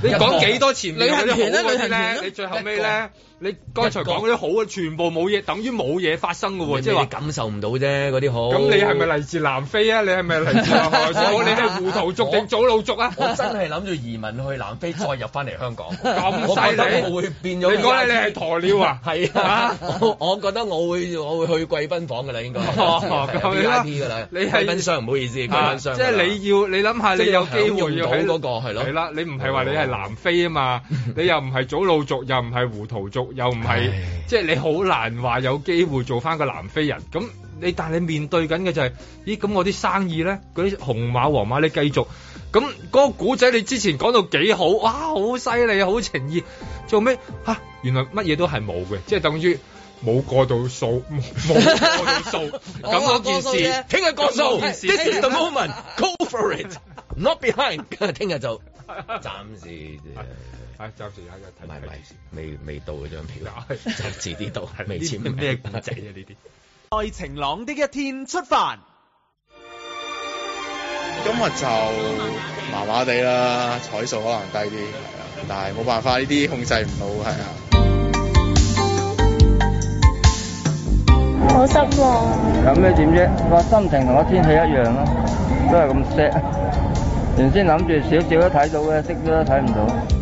你講幾多錢嗰啲好，嗰啲你，你最後尾咧？你剛才講嗰啲好啊，全部冇嘢，等於冇嘢發生噶喎，即係話感受唔到啫嗰啲好。咁你係咪嚟自南非啊？你係咪嚟自南非？你都係胡桃族定祖魯族啊？我真係諗住移民去南非，再入翻嚟香港。咁犀利，會變咗，如果你係鴕鳥啊？係啊，我覺得我會我會去貴賓房噶啦，應該。哦，咁樣。你係賓商唔好意思，貴賓商。即係你要你諗下，你有機會要喺嗰個係咯。係啦，你唔係話你係南非啊嘛？你又唔係祖魯族，又唔係胡桃族。又唔係，Hey. 即係你好難話有機會做翻個南非人。咁你但係你面對緊嘅就係、是，咦咁我啲生意咧，嗰啲紅馬黃馬你繼續。咁嗰個古仔你之前講到幾好，哇，好犀利，好情意，做咩、吓？原來乜嘢都係冇嘅，即係等於冇過到數，冇過到數。咁嗰件事，聽日過數。 This is the moment, go for it, not behind。 聽日就暫時。咪咪未未到嘅張票， 就遲啲到。未簽咩公仔啊？呢啲。在晴朗的一天出發。今日就麻麻地啦，彩數可能低啲，但係冇辦法，呢啲控制唔到，係啊。好濕喎。咁你點啫？個心情同個天氣一樣咯、啊，都係咁 s 原先諗住少少都睇到嘅，識都睇唔到。小小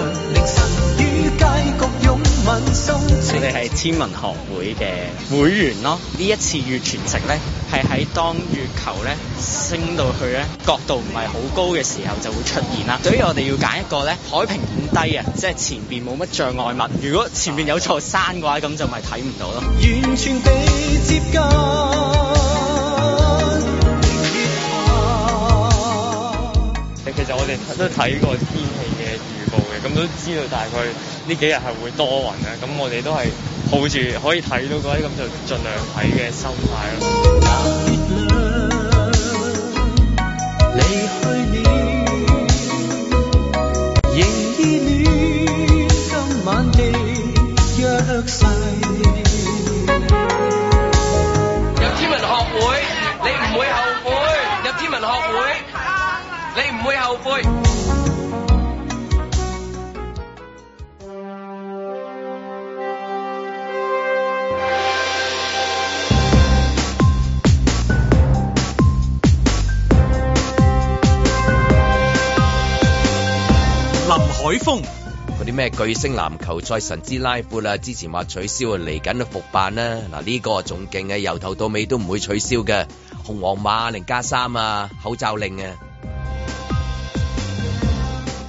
佢哋係天文學會嘅會員咯。呢一次月全食咧，係喺當月球咧升到去咧角度唔係好高嘅時候就會出現啦。所以我哋要揀一個咧海平面低啊，即係前邊冇乜障礙物。如果前邊有座山嘅話，咁就咪睇唔到咯。完全被接近。被其實我哋都睇過天氣。咁都知道大概呢幾日係會多雲啊，咁我哋都係抱住可以睇到嗰啲咁就盡量睇嘅心態咯。入天文學會，你唔會後悔。入天文學會，你唔會後悔。林海峰，嗰啲咩巨星籃球賽、神之拉闊啦、啊，之前話取消來啊，嚟緊都復辦啦。嗱，呢個仲勁嘅，由頭到尾都唔會取消嘅。紅黃碼零加三啊，口罩令啊。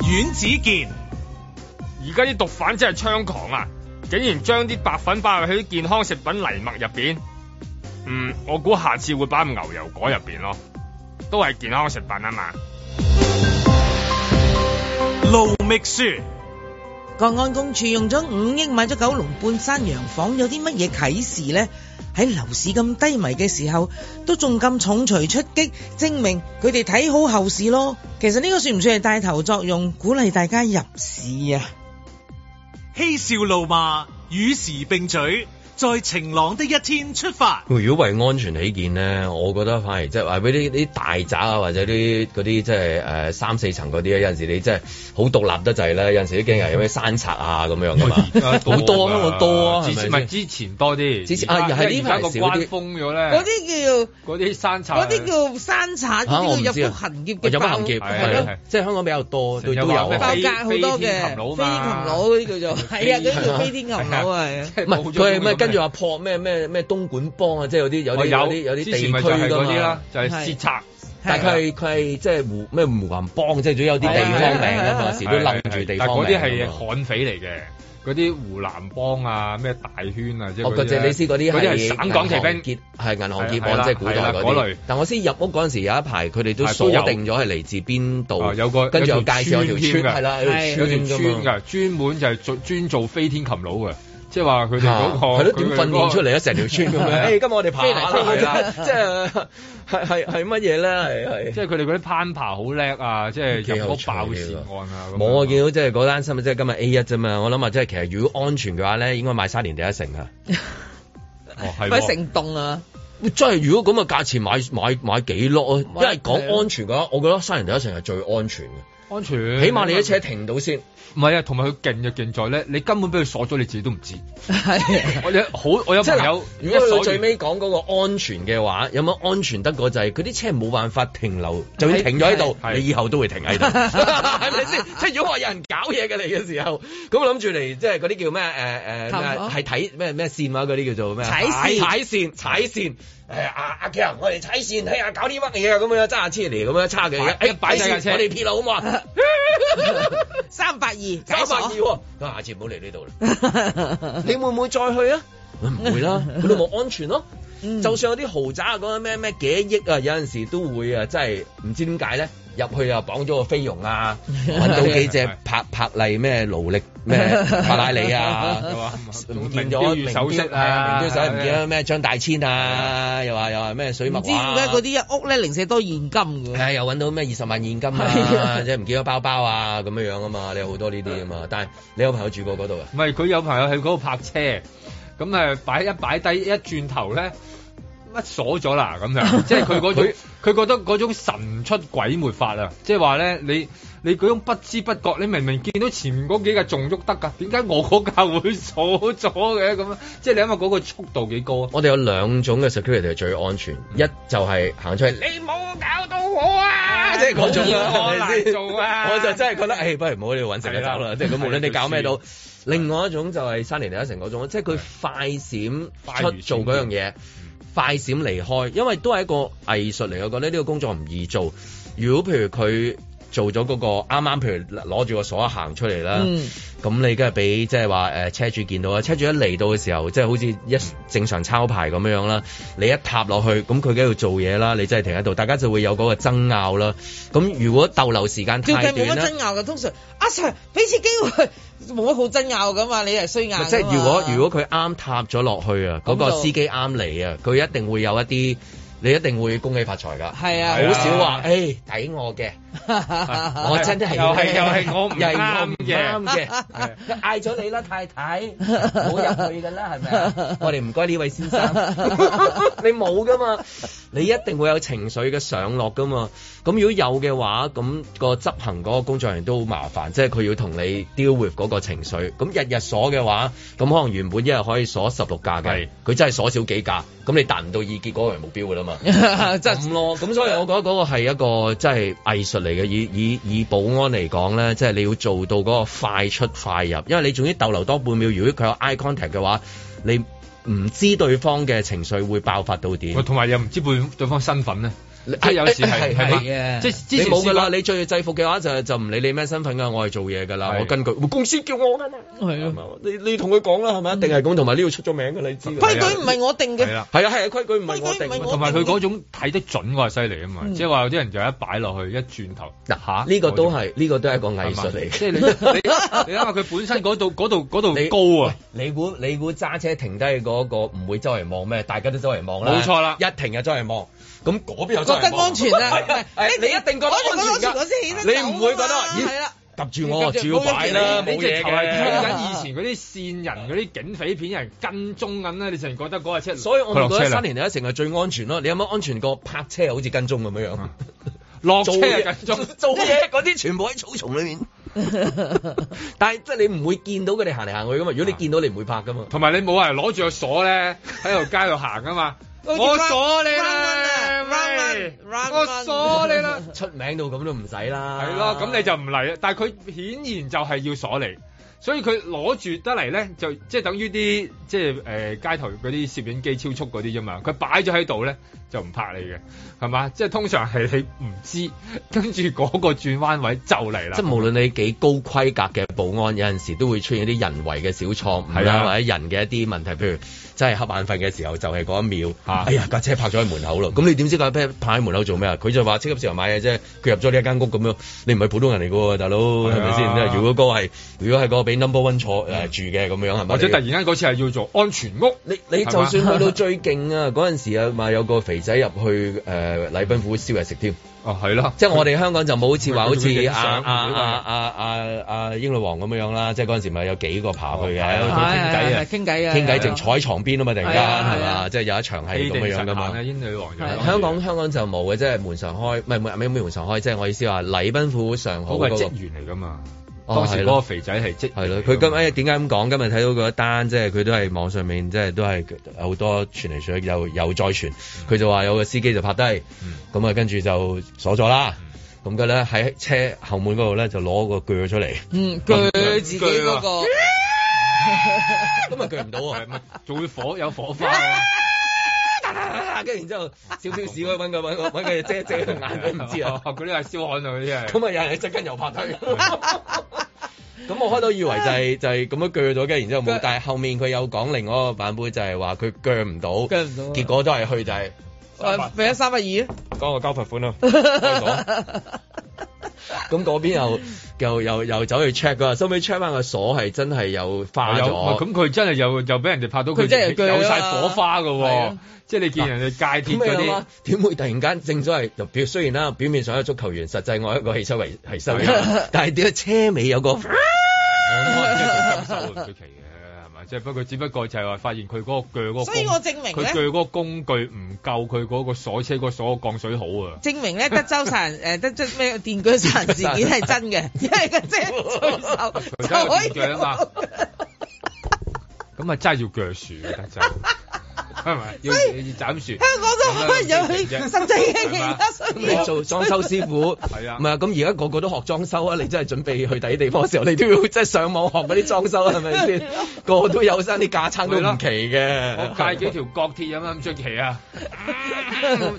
阮子健，而家啲毒販真係猖狂啊！竟然將啲白粉包入去啲健康食品泥麥入邊。嗯，我估下次會擺牛油果入邊咯，都係健康食品啊嘛。盧覓書國安公署用咗五億買咗九龍半山洋房，有啲乜嘢啟示呢？喺樓市咁低迷嘅時候，都仲咁重錘出擊，證明佢哋睇好後市咯。其實呢個算唔算係帶頭作用，鼓勵大家入市啊？嬉笑怒罵，與時並舉。在晴朗的一天出發。如果為安全起見呢，我覺得反而即係話俾啲啲大宅啊，或者啲嗰啲即係誒三四層嗰啲，有陣時你真係好獨立得滯啦，有陣時都驚係有咩山賊啊咁樣噶嘛，好多香港多啊！之前咪之前多啲，之前啊又係呢排少啲。嗰啲叫嗰啲山賊，嗰啲叫山賊，嗰啲叫有行劫有行劫？即係香港比較多，都有包好多嘅飛禽佬，嗰啲叫做係啊，嗰啲叫飛天禽佬啊，唔係佢係咪跟？仲話破咩咩咩東莞幫啊，即係有啲有啲有啲有啲地區啲啦，就係竊賊。但係佢係佢係即係湖咩湖南幫，即係總有啲地方名啊，有時都諗住地方名但嗰啲係悍匪嚟嘅，嗰啲湖南幫啊，咩大圈啊，即係。我覺得你先嗰啲係省港旗兵，劫係銀行劫案，即係古代嗰啲。但我先入屋嗰陣時有一排，佢哋都鎖定咗係嚟自邊度，跟住又介紹有條村㗎，係啦，有條村㗎，專門就係專做飛天蠄蟧嘅。即係話佢哋嗰個係咯，點、啊、訓練出嚟一成條村咁樣。誒， 今日我哋攀爬啦，即係係係乜嘢呢？即係佢哋嗰啲攀爬好叻啊！即係有嗰爆閃案啊！冇啊！我見到即係嗰單新聞，即、就、係、是、今日 A 1啫嘛。我諗啊，即係其實如果安全嘅話呢，應該買沙田第一城、 哦、啊。哦，係。成棟啊！即係如果咁嘅價錢買買買幾攞？因為講安全嘅話，的我覺得沙田第一城係最安全嘅。安全，起碼你嘅車停到先。唔係啊，同埋佢勁就勁在咧，你根本俾佢鎖咗，你自己都唔知。 我有好，我有朋友。如果佢最尾講嗰個安全嘅話，有冇安全得過滯？佢啲車冇辦法停留，是就要停咗喺度，是是你以後都會停喺度，係咪先？ 即係如果話有人搞嘢嘅嚟嘅時候，咁我諗住嚟，即係嗰啲叫咩？誒、呃、誒，係睇咩咩線啊？嗰啲叫做咩？踩線踩線，踩線。係、哎啊、阿阿強，我哋踩線，睇、哎、下搞啲乜嘢啊！咁樣揸下車嚟，咁樣差嘅，一擺晒車，哎、車我哋撇路好嘛？ 三八二，三八二、哦，咁下次唔好嚟呢度啦。 你會唔會再去啊？唔、 啊、會啦、啊，佢都冇安全咯、啊。嗯、就算有啲豪宅啊，講緊咩咩幾億啊，有陣時都會啊，真係唔知點解咧。入去啊綁咗個菲傭啊，搵到幾隻拍拍例咩勞力咩帕拉尼啊，唔的見咗名錶啊，唔、啊、見咗咩張大千啊，又話又話咩水墨、啊、知唔知點解嗰啲一屋咧零舍多現金㗎？又搵到咩二十萬現金啊，的即係唔見咗包包啊咁樣樣啊嘛，你有好多呢啲啊嘛。的但係你有朋友住過嗰度啊？唔係佢有朋友喺嗰度拍車，咁誒擺一擺低一轉頭咧。乜鎖咗啦？咁樣，即係佢嗰佢覺得嗰種神出鬼沒法啊！即係話呢，你你嗰種不知不覺，你明明見到前面嗰幾個仲喐得㗎，點解我嗰架會鎖咗嘅？咁啊，即係你諗下嗰個速度幾高，啊。我哋有兩種嘅 security 係最安全，一就係行出去，你冇搞到我啊！即係嗰種啊，係咪先？我，做啊、 我就真係覺得，哎、欸，不如唔好喺度揾神嚟搞啦！的即係佢無論你搞咩都。的另外一種就係三年零一成嗰種，的即係佢快閃出魚做嗰樣嘢。快閃離開，因為都係一個藝術嚟，我覺得呢個工作唔易做。如果譬如佢，做咗嗰、那個啱啱，譬如攞住個鎖行出嚟啦。咁、嗯、你梗係俾即係話誒車主見到啊。車主一嚟到嘅時候，即、就、係、是、好似一正常抄牌咁樣樣啦。你一踏落去，咁佢喺度做嘢啦。你真係停喺度，大家就會有嗰個爭拗啦。咁如果逗留時間太短咧，爭拗嘅通常阿、啊、Sir，俾次機會冇乜好爭拗噶嘛。你係衰拗。即係如果如果佢啱踏咗落去啊，嗰、那個司機啱嚟啊，佢一定會有一啲，你一定會恭喜發財噶。係啊，好、啊、少話誒抵我嘅。 我真係又係是 又係， 我唔啱嘅。嗌咗 你啦，太太，冇入 去噶啦，係咪？我哋唔該呢位先生， 你冇噶嘛？你一定會有情緒嘅上落噶嘛？咁如果有嘅話，咁、個執行嗰個工作人員都好麻煩，即係佢要同你 deal with 嗰個情緒。咁日日鎖嘅話，咁可能原本一日可以鎖十六架嘅，佢是真係鎖少幾架，咁你達唔到以結果為目標噶啦嘛？咁咯， 咁 所以我覺得嗰個係一個即係藝術。真嚟嘅。以以以保安嚟講咧，即係你要做到嗰個快出快入，因為你仲要逗留多半秒。如果佢有 eye contact 嘅話，你唔知對方嘅情緒會爆發到點。同埋又唔知對方身份咧。即係有時係係嘛，即係之前冇噶啦。你最要制服嘅話，就就唔理你咩身份噶。我係做嘢噶啦，我根據公司叫我噶。係啊，你你同佢講啦，係咪？一定係咁。同埋呢個出咗名嘅，你知規矩唔係我定嘅。係啊，係啊，規矩唔係我定。同埋佢嗰種睇得準，我係犀利啊嘛。即係話有啲人就一擺落去，一轉頭。嗱嚇，呢個都係，呢個都係一個藝術嚟嘅。即係你你你，因為佢本身嗰度嗰度嗰度高啊。你估你估揸車停低嗰個唔會周圍望咩？大家都周圍望啦。冇錯啦，一停就周圍望。咁嗰邊又真係安全啦！你一定覺得，你唔會覺得，係啦，揼住我住要擺啦，冇嘢嘅。緊以前嗰啲線人嗰啲警匪片，人跟蹤緊咧，你成日覺得嗰個車，所以我覺得新年第一成係最安全咯。你有冇安全過拍車好似跟蹤咁樣，落車跟蹤，做嘢嗰啲全部喺草叢裏面。但係即係你唔會見到佢哋行嚟行去噶嘛？如果你見到，你唔會拍噶嘛？同埋你冇人攞住個鎖咧，喺度街度行噶嘛？我鎖你啦！Run 我鎖你啦！ 出名到咁都唔使啦，係囉， 咁你就唔嚟啦。但佢顯然就係要鎖你。所以佢攞住得嚟咧，就即係等於啲即係誒街頭嗰啲攝影機超速嗰啲啫嘛。佢擺咗喺度咧，就唔拍你嘅，係嘛？即係通常係你唔知，跟住嗰個轉彎位就嚟啦。即係無論你幾高規格嘅保安，有陣時都會出現一啲人為嘅小錯誤，係啊，或者人嘅一啲問題，譬如真係瞌眼瞓嘅時候，就係、是、嗰一秒，麼哎呀架車泊咗喺門口咯。咁 你點知架車泊喺門口做咩啊？佢就話超級市場買嘢啫。佢入咗呢一間屋咁樣，你唔係普通人嚟嘅，大佬係咪先？如果嗰個係，如果係、那、嗰個 number one 坐誒住嘅咁樣係，嘛，或者突然間嗰次係要做安全屋。你你就算去到最勁啊，嗰陣時啊，咪有個肥仔入去誒禮賓府燒嘢食添。哦，係咯。即係我哋香港就冇好似話好似阿阿阿英女王咁樣啦。即係嗰陣時咪有幾個爬去嘅，傾偈啊，傾偈啊，傾偈，淨坐喺床邊啊嘛，突然間係嘛，即係有一場係咁樣噶嘛。英女王香港香港就冇嘅，即係門常開，唔係唔係咩門常開，即係我意思話禮賓府上嗰個職員嚟噶嘛。當時嗰個肥仔係即係咯，佢今日點解咁講？今日睇到嗰一單，即係佢都係網上面，即係都係有好多傳嚟，所以又又再傳。佢、嗯、就話有個司機就拍低，咁啊跟住就鎖咗啦。咁嘅咧喺車後門嗰度咧就攞個鋸出嚟，嗯，鋸自己嗰、那個，咁啊鋸唔到啊，仲 會有火有火花、啊。跟住然之後少少屎可佢，搵遮一遮眼都唔知啊，嗰啲係燒焊啊，嗰啲咁啊，有人即刻又拍低。咁我開頭以為就係就係咁樣鋸咗，跟住然之後冇。但係後面佢又講另外個版本就係話佢鋸唔到，結果都係去就係俾咗三百二，講我交罰款咯。咁嗰邊又又又又走去 check 㗎，收尾 check 翻個鎖係真係有花咗。咁佢真係又又俾人哋拍到佢有晒火花噶。即係你見人哋界啲嗰啲點會突然間正咗係表，雖然啦表面上一足球員，實際我係一個汽車維維修員，但係點解車尾有個？我係一個高手，唔出奇嘅係咪？即係不過只不過就係話發現佢嗰個鋸嗰個，所以我證明佢鋸嗰個工具唔夠佢嗰個鎖車個鎖降水好啊！證明咧德州殺人誒，德州咩電鋸殺人事件係真嘅，因為個即係高手鋸啊嘛，咁啊真係要鋸樹㗎真。係咪要要斬樹？香港都有咗，實際係其他香港。你做裝修師傅係啊，唔係啊？咁而家個個都學裝修啊！你真係準備去第啲地方嘅時候，你都要即係上網學嗰啲裝修啊？係咪先？個個都有生啲架撐都唔奇嘅，我架幾條角鐵有咩咁出奇啊？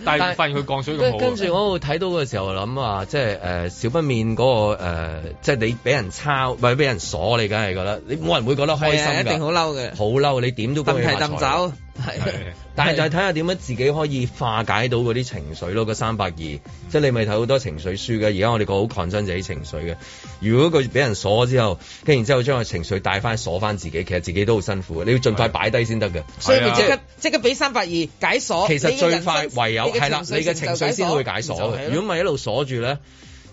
但係發現佢降水咁好。跟住我睇到嘅時候諗啊，即係誒少不免嗰個誒，即係你俾人抄，唔係俾人鎖，你梗係覺得你冇人會覺得開心嘅，一定好嬲嘅，好嬲！你點都冇走。係，啊啊啊、但係就係睇下點樣自己可以化解到嗰啲情緒咯。個三百二，即係你咪睇好多情緒書嘅。而家我哋個好抗爭自己情緒嘅。如果佢俾人鎖咗之後，跟然之後將個情緒帶翻鎖翻自己，其實自己都好辛苦嘅。你要盡快擺低先得嘅。啊、所以你即刻即刻俾三百二解鎖。其實最快唯有係啦，你嘅情緒先會解鎖。如果唔係一路鎖住咧。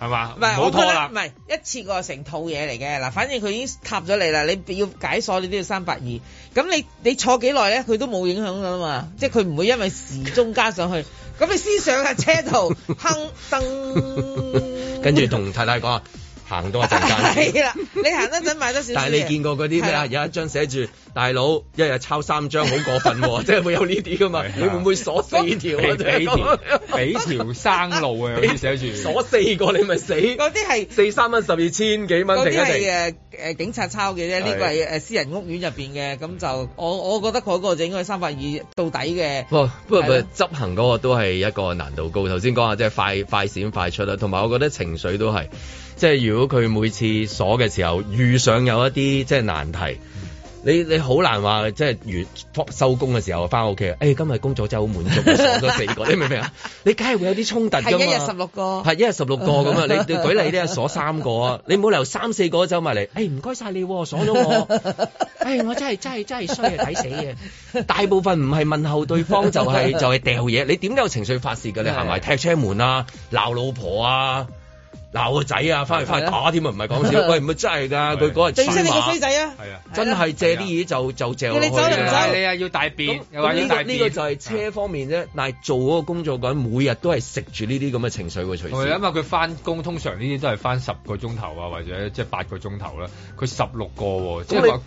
係嘛？唔係好拖啦！唔係一次過成套嘢嚟嘅嗱，反正佢已經塌咗你啦。你要解鎖你都要三百二，咁你你坐幾耐咧？佢都冇影響噶啦嘛，即係佢唔會因為時鐘加上去。咁你先上喺車度，哼，燈，跟住同太太講。行多一陣間，係啦！你行得陣買得少？但係你見過嗰啲咩啊？有一張寫住大佬一日抄三張，好過分喎！即係會有呢啲噶嘛？你會唔會鎖四條啊？俾條俾條生路啊！佢寫住鎖四個，你咪死！嗰啲係四三蚊、十二千幾蚊，嗰啲係誒誒警察抄嘅啫。呢個係誒私人屋苑入邊嘅，咁就我我覺得嗰個就應該係三萬二到底嘅。不過不過執行嗰個都係一個難度高。頭先講下即係快快閃快出啦，同埋我覺得情緒都係。即係如果佢每次鎖嘅時候遇上有一啲即係難題，你你好難話即係完收工嘅時候翻屋企，誒、欸、今日工作真係好滿足， 鎖咗四個，你明唔明啊？你梗係會有啲衝突㗎嘛？係一日十六個，係一日十六個咁啊！你你舉例咧鎖三個啊，你冇留三四個走埋嚟，誒唔該晒你鎖咗我，誒、欸、我真係真係真係衰啊，抵死嘅！大部分唔係問候對方，就係、是、就係掉嘢，你點解有情緒發泄㗎？你係咪踢車門啊、鬧老婆啊？鬧，個仔呀，返嚟返打添啊，唔係講笑，佢唔係真係㗎，佢嗰日黐馬。你個衰仔啊！係啊，真係借啲嘢就就借。要你走就走，你啊要大便。咁呢個呢個就係車方面啫。但係做嗰個工作講，每日都係食住呢啲咁嘅情緒嘅隨時。係啊嘛，佢返工通常呢啲都係返十個鐘頭啊，或者即係八個鐘頭啦。佢十六個喎，即係話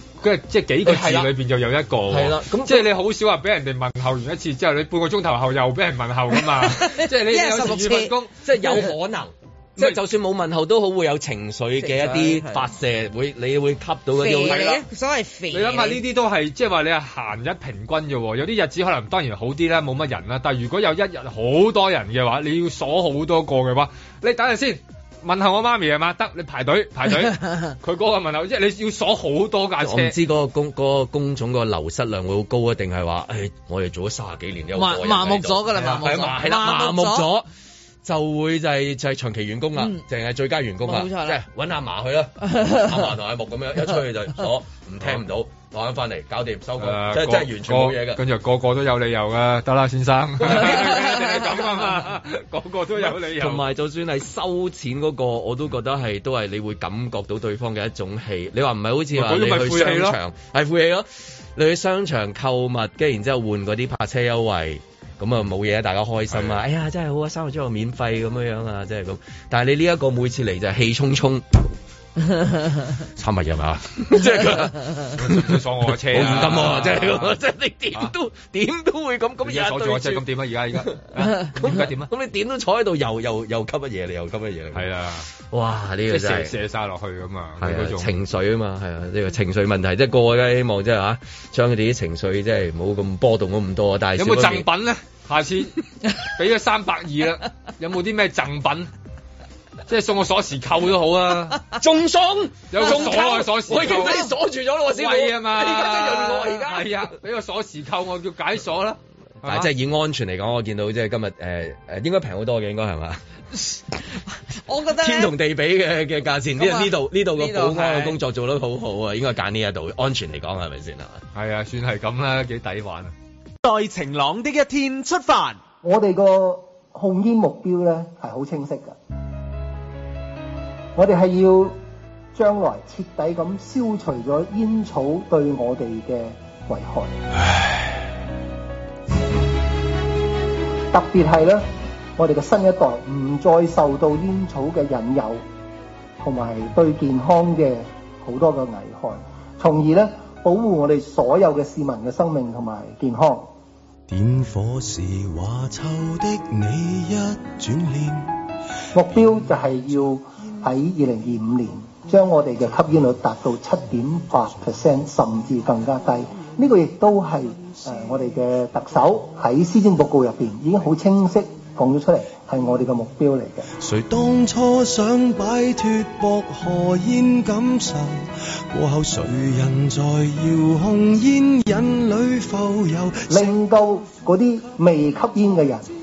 即係幾個字裏面就有一個。係啦，咁即係你好少話俾人哋問候完一次之後，你半個鐘頭後又俾人問候㗎嘛？即係你有二份工，即係有可能。即係就算冇問候都好，會有情緒嘅一啲發射，會你會吸到嘅。所謂肥，吧肥你諗下呢啲都係即係話你係閒日平均喎。有啲日子可能當然好啲啦，冇乜人啦。但係如果有一日好多人嘅話，你要鎖好多個嘅話，你等陣先問候我媽咪係嘛？得你排隊排隊，佢嗰 個問候即係你要鎖好多架車。我唔知嗰個工嗰、嗰個工種個流失量會好高啊，定係話誒，我哋做咗卅幾年嘅麻木咗噶啦，麻木咗。就會就係就係長期員工啦，淨係最佳員工啦，即係搵阿嫲去啦，阿嫲同阿木咁樣一出去就我唔聽唔到，攞返翻嚟搞掂收工，即係完全冇嘢㗎，跟住個個都有理由㗎。得啦先生，係咁啊嘛，個個都有理由。同埋就算係收錢嗰個，我都覺得係都係你會感覺到對方嘅一種氣。你話唔係好似話你去商場係負氣咯？你去商場購物嘅，然之後換嗰啲泊車優惠。咁啊冇嘢，大家開心啊！哎呀，真係好啊，三個鐘又免費咁樣樣啊，真係咁。但係你呢一個每次嚟就係氣沖沖。參乜嘢嘛？即係佢我嘅車冇現，即係即係你點都點都會咁咁，日日坐咗車咁點啊？而家而家點啊？咁你點都坐喺度又又又吸乜嘢你又吸乜嘢嚟？係啊！哇！呢個真射晒落去咁啊！情緒啊嘛，係啊！呢個情緒問題真係過都希望即係吓將佢哋啲情緒即係唔好咁波動咁多。但係有冇贈品咧？下次俾咗三百二啦，有冇啲咩贈品？即係送個鎖匙扣都好啊，仲送有鎖鎖匙，我已經俾鎖住咗咯，先係嘛？呢家真係人而家係啊，俾個鎖匙扣我叫解鎖啦。但係即係以安全嚟講，我見到即係今日誒誒，應該平好多嘅，應該係嘛？我覺得天同地比嘅嘅價錢，呢度呢度嘅保安嘅工作做得好好啊，應該揀呢一度安全嚟講係咪先係嘛？係啊，算係咁啦，幾抵玩啊！在晴朗的一天出發，我哋個控煙目標咧係好清晰噶我哋係要將來徹底咁消除咗煙草對我哋嘅危害，特別係咧，我哋嘅新一代唔再受到煙草嘅引誘，同埋對健康嘅好多嘅危害，從而咧保護我哋所有嘅市民嘅生命同埋健康。點火時話臭的你一轉臉，目標就係要，喺二零二五年，將我哋嘅吸煙率達到七點八 percent，甚至更加低。呢、這個亦都係、呃、我哋嘅特首喺施政報告入面已經好清晰講咗出嚟，係我哋嘅目標嚟嘅。誰當初想擺脫薄荷煙感受，過後誰人在遙控煙引裏浮遊，令到啲未吸煙嘅人。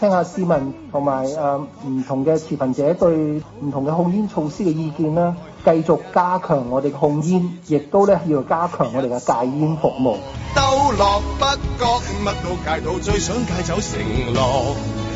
聽下市民同埋誒唔同嘅持份者對唔同嘅控煙措施嘅意見啦，繼續加強我哋嘅控煙，亦都咧要加強我哋嘅戒煙服務。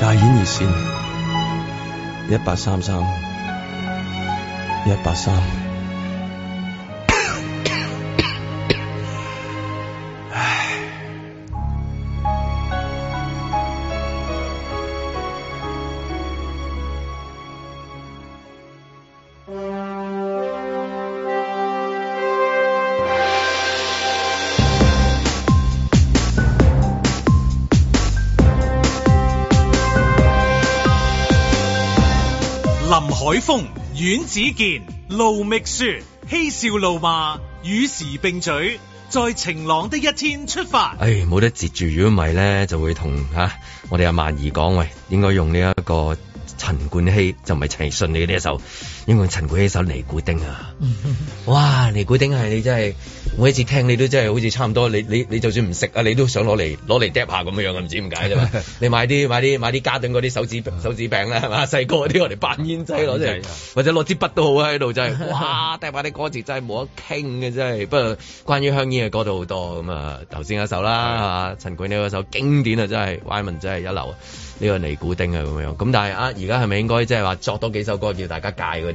戒煙熱線一八三三一八三。風阮子健盧覓雪，嬉笑怒罵與時並舉，在晴朗的一天出發。唉、哎，冇得截住，如果唔係咧，就會同吓、啊、我哋阿、啊、曼儀講，喂，應該用呢一個陳冠希就唔係陳奕迅嘅呢一首。因為陳冠希首《尼古丁》啊，哇，《尼古丁》係你真係每一次聽你都真係好似差唔多，你你你就算唔食啊，你都想攞嚟，攞嚟 drop 下咁樣樣啊，唔知點解啫嘛？你買啲買啲買啲嘉頓嗰啲手指手指餅啦，係嘛細個嗰啲我哋扮煙仔攞啫，或者攞支筆都好啊，喺度就係哇，drop 下啲歌詞真係冇得傾嘅真係。不過關於香煙嘅歌都好多咁啊，頭先一首啦，陳冠希嗰首經典啊，真係 Wyman 真係一流。呢個尼古丁啊，咁樣咁，但係啊，而家係咪應該即係話作多幾首歌叫大家戒佢？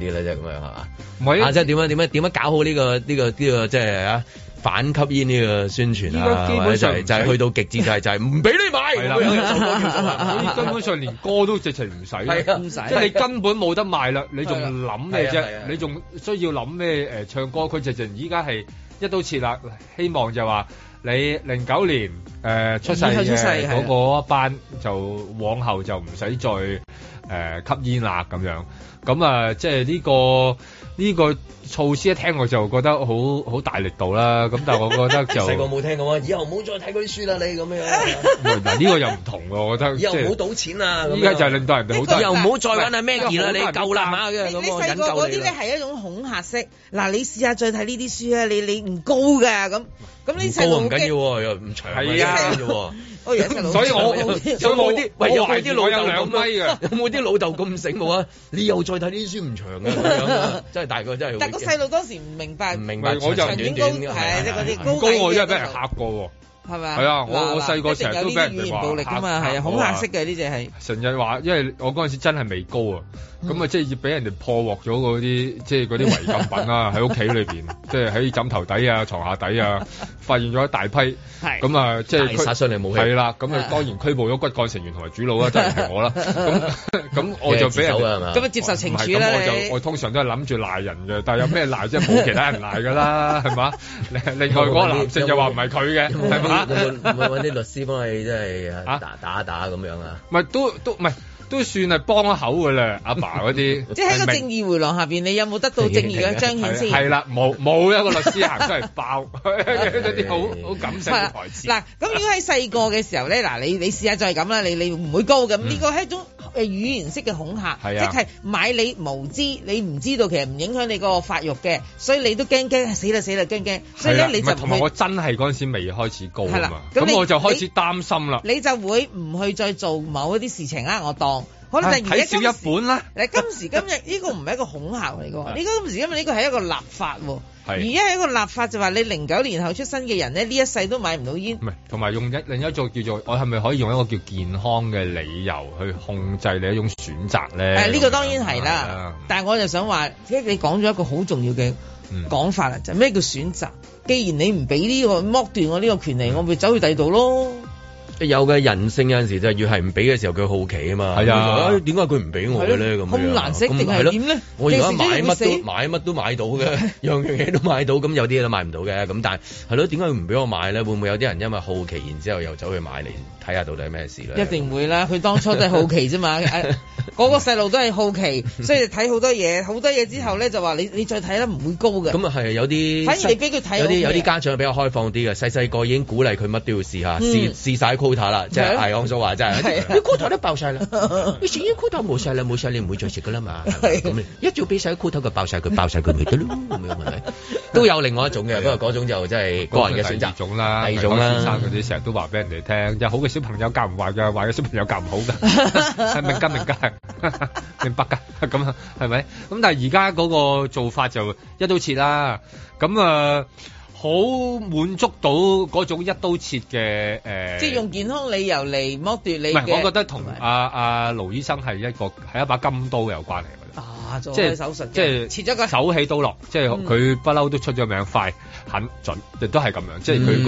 啲咁樣係嘛？唔係啊，啊！即係點樣點樣點樣搞好呢個呢個呢個即係啊反吸煙呢個宣傳啊？基本上就係去到極致，就係就係唔俾你買。係啦，根本上連歌都直情唔使，唔使。 即係你根本冇得賣啦！的你仲諗咩啫？你仲需要諗咩唱歌？佢直情依家係一刀切啦！希望就話你零九年誒、呃、出世嘅嗰一班，就往後就唔使再誒吸煙啦咁樣。咁啊，即係呢個呢個措施一聽我就覺得好好大力度啦。咁但係我覺得就細個冇聽過，以後唔好再睇嗰啲書啦，你咁樣。唔係，呢個又唔同喎，我覺得。以後唔好賭錢啊！依家就係令到人哋好。以後唔好再揾阿 Maggie 啦，你夠啦嚇嘅咁。你細個嗰啲咧係一種恐嚇式。嗱，你試下再睇呢啲書啊！你你唔高嘅咁咁，呢細路唔緊要，又唔長，係啊，所以我所以我啲我懷疑啲老友兩米嘅，有冇啲老豆咁醒目啊？你又再？再睇啲書唔長嘅、啊， 真係大個真係。但個細路當時唔明白，唔明白我就唔嘅，係啊，即係嗰啲高我因為俾人嚇過喎，係咪啊？啊，我、嗯、我細個成日都俾人話暴力嘛，係啊，好吓色嘅呢只係成日話，因為我嗰陣時真係未高啊。咁、嗯就是、啊，即係俾人哋破獲咗嗰啲，即係嗰啲違禁品啦，喺屋企裏面，即係喺枕頭底啊、床下底啊，發現咗一大批。係是。咁啊、就是，即係殺傷你武器。係啦，咁啊，當然拘捕咗骨幹成員同埋主腦啦，就係、是、我啦。咁 我就俾人咁啊，接受懲處啦。咁我就，我，就我通常都係諗住賴人嘅，但係有咩賴即係冇其他人賴㗎啦，係咪？ 另外嗰個男性又話唔係佢嘅，係嘛？揾啲吧律師幫你即係打打打咁樣啊？唔係，都，都都算係幫 一口噶啦，阿爸嗰啲。即係喺個正義回廊下邊，你有冇得到正義嘅彰顯先？係啦 冇冇一個律師行出嚟爆 包 一啲好好感性嘅台詞。 嗱，咁如果喺細個嘅時候咧，嗱你你試下再咁啦，你你唔會高咁，呢個係一種。誒，語言式嘅恐嚇，啊、即係買你無知，你唔知道其實唔影響你個發育嘅，所以你都驚驚、啊，死啦死啦驚驚，所以咧你、啊、你就同埋我真係嗰陣時未開始高啊嘛，咁我就開始擔心啦，你就會唔去再做某一啲事情啦，我當。可能第而家睇少一本啦。嗱， 今時今日呢個唔係一個恐嚇嚟嘅喎，呢個 今時今日呢個係一個立法喎。係。而家係一個立法就話你零九年後出生嘅人咧，呢一世都買唔到煙。唔係，同埋用另一種叫做，我係咪可以用一個叫健康嘅理由去控制你一種選擇咧？誒、啊，呢、這個當然係啦。啊、但係我就想話，即係你講咗一個好重要嘅講法啦，嗯、就咩叫選擇？既然你唔俾呢個剝奪我呢個權利，嗯、我咪走去第二度咯。有嘅人性有陣時就係越係唔俾嘅時候，佢好奇啊嘛。係啊，點解佢唔俾我嘅咧？咁、啊、咁樣咁難食定係點咧？我而家買乜都買乜都買到嘅，樣樣嘢都買到。咁有啲嘢都買唔到嘅。咁但係咯，點解佢唔俾我買咧？會唔會有啲人因為好奇，然之後又走去買嚟？睇下到底係咩事啦！一定會啦，佢當初都係好奇啫嘛。誒，嗰個細路都係好奇，所以睇好多嘢，好多嘢之後咧就話：你你再睇都唔會高嘅。咁啊係有啲，反而你俾佢睇，有啲有啲家長比較開放啲嘅，細細個已經鼓勵佢乜都要試下，試試曬 quota 啦，即係阿蘇所話真係。你 quota 都爆晒啦，你食完 quota 冇晒啦，冇晒你唔會再食噶啦嘛。係咁，一早俾曬 quota 佢爆晒，佢，爆晒，佢咪得咯，冇咩問題。都有另外一種嘅，不過嗰種就真係個人嘅選擇。第二種啦，先生佢哋成日都話俾人哋聽，有好嘅朋友教唔壞嘅，壞嘅小朋友教唔好嘅，係 明噶，明噶，明白噶，咁係咪？咁但係而家嗰個做法就一刀切啦，咁啊。呃好滿足到嗰種一刀切嘅誒，呃、即係用健康理由嚟剝奪你。我覺得同阿阿盧醫生係一個係一把金刀有關嚟嘅，即係、啊、手術，即係是切咗個手起刀落，即係佢不嬲都出咗名，快、狠、嗯、準，亦都係咁樣，即係佢、那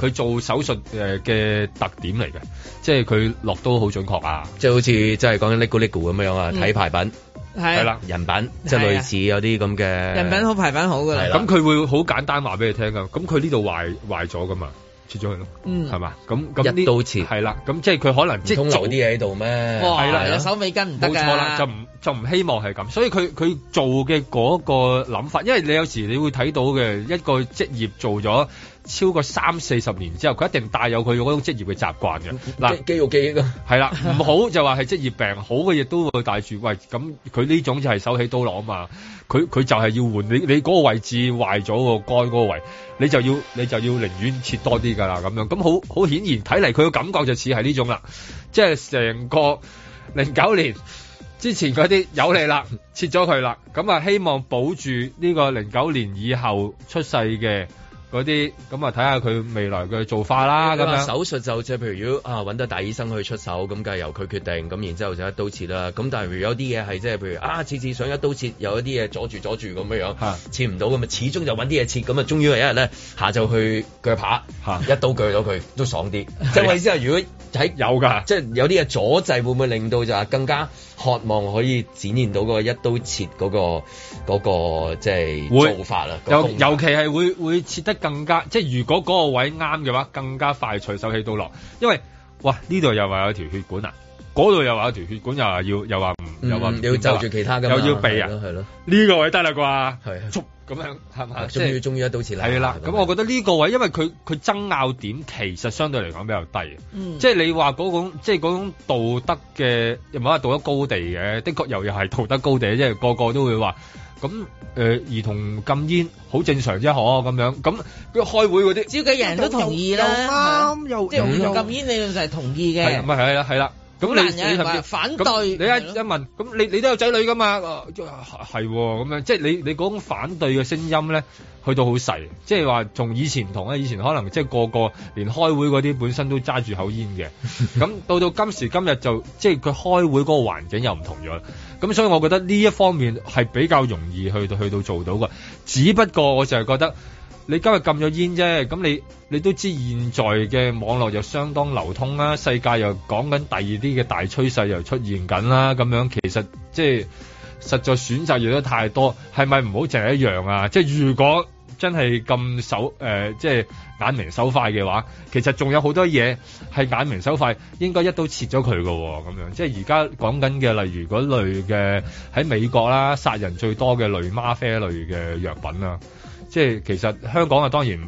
個佢做手術嘅特點嚟嘅，即係佢落刀好準確啊！即係好似即係講緊擰咕擰咕咁樣啊，睇、嗯、牌品。係啦，人品即係類似有啲咁嘅人品好，牌品好噶啦。咁佢會好簡單話俾你聽噶，咁佢呢度壞壞咗噶嘛，出咗去咯，係嘛？咁咁一刀切係啦，咁即係佢可能通係留啲嘢喺度咩？係啦，有手尾跟唔得噶，就唔就唔希望係咁，所以佢佢做嘅嗰個諗法，因為你有時你會睇到嘅一個職業做咗。超過三四十年之後，佢一定帶有佢嗰種職業嘅習慣嘅。嗱，肌肉記憶咯啊，係啦，唔好就話係職業病，好嘅嘢都會帶住。喂，咁佢呢種就係手起刀落啊嘛，佢佢就係要換你你嗰個位置壞咗個肝嗰個位，你就要你就要寧願切多啲噶啦咁樣。咁好好顯然睇嚟，佢嘅感覺就似係呢種啦，即係成個零九年 之前嗰啲有你啦，切咗佢啦，咁啊希望保住呢個零九年以後出世嘅。嗰啲咁啊，睇下佢未來嘅做法啦。咁啊，手術就即係譬如如果啊，揾到大醫生去出手，咁梗係由佢決定。咁然之後就一刀切啦。咁但係如果有啲嘢係即係譬如啊，次次想一刀切，有一啲嘢阻住阻住咁樣樣，樣是切唔到咁啊，始終就揾啲嘢切。咁啊，終於係一日咧，下晝去鋸扒，是一刀鋸到佢都爽啲。即係我意思係，如果喺 有㗎，即係有啲嘢阻滯，會唔會令到就係更加？渴望可以展現到一個一刀切嗰、嗰個嗰個即係做法啦，尤尤其係會會切得更加，即係如果嗰個位啱嘅話，更加快脆手起刀落，因為哇呢度又話有條血管啊！嗰度又話條血管又話要，又話又話要就住其他嘅，又要避啊，係咯，呢個位得啦啩，係，咁樣係咪？即係終於一刀切啦。係啦，咁我覺得呢個位，因為佢佢爭拗點，其實相對嚟講比較低即係你話嗰種即係嗰種道德嘅，又冇話道德高地嘅，的確又又係道德高地，即係個個都會話，咁誒兒童禁煙好正常啫嗬，咁樣，咁開會嗰啲，只要人人都同意啦，又啱又又又禁煙，你就係同意嘅，係咪係啦係啦。咁你難、啊、你係咪反對，你一一問，咁的你你都有仔女噶嘛？係、啊、咁樣，即係你你嗰種反對嘅聲音咧，去到好細，即係話從以前唔同，以前可能即係個個連開會嗰啲本身都揸住口煙嘅，咁到 到今時今日就即係佢開會嗰個環境又唔同咗啦。咁所以我覺得呢一方面係比較容易去到去到做到嘅，只不過我就係覺得。你今日禁咗煙啫，咁你你都知現在嘅網絡又相當流通啦，世界又講緊第二啲嘅大趨勢又出現緊啦，咁樣其實即係實在選擇嘢得太多，係咪唔好淨係一樣啊？即係如果真係咁手誒，即係眼明手快嘅話，其實仲有好多嘢係眼明手快，應該一刀切咗佢噶咁樣。即係而家講緊嘅，例如嗰類嘅喺美國啦，殺人最多嘅類嗎啡類嘅藥品啊。即係，其實香港啊，當然。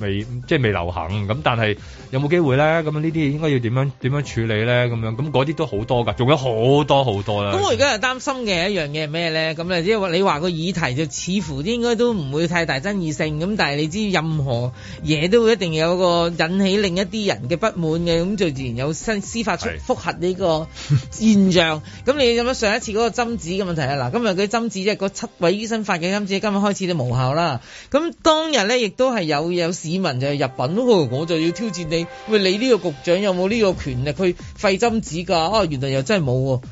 未即係未流行咁，但係有冇機會咧？咁呢啲應該要點樣點樣處理咧？咁樣咁嗰啲都好多噶，仲有好多好多咧。咁我而家係擔心嘅一樣嘢係咩咧？咁啊，即係你話個議題就似乎應該都唔會太大爭議性。咁但係你知任何嘢都會一定有個引起另一啲人嘅不滿嘅。咁就自然有新司法出嚟覆核呢個現象。咁是 你有冇上一次嗰個針紙嘅問題啊？嗱，今日嗰針紙即係嗰七位醫生發嘅針紙，今日開始都無效啦。咁當日咧亦都係有有。有市民就係入品咯、哎，我就要挑戰你。喂，你呢個局長有冇呢個權力去廢針指噶？哦、啊，原來又真係冇喎。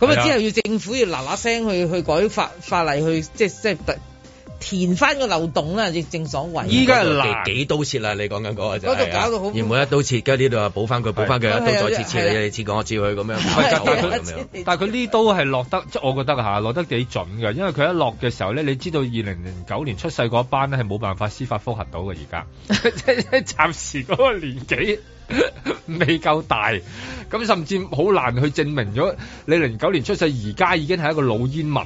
咁啊，之後要政府要嗱嗱聲去去改法法例去，去即係即係。填翻個漏洞啦，正所謂。依家係嚟幾刀切啦，你講緊嗰個就係、是。嗰度搞到好，唔會一刀切嘅，呢度又補翻佢，補翻佢，一刀再切切。是是是是是你只講我照佢咁樣。樣但係佢，呢刀係落得，即我覺得吓落得幾準嘅，因為佢一落嘅時候咧，你知道二零零九年出世嗰班咧係冇辦法司法復核到嘅。而家 暫時嗰個年紀未夠大，咁甚至好難去證明咗你零九年出世，而家已經係一個老煙民。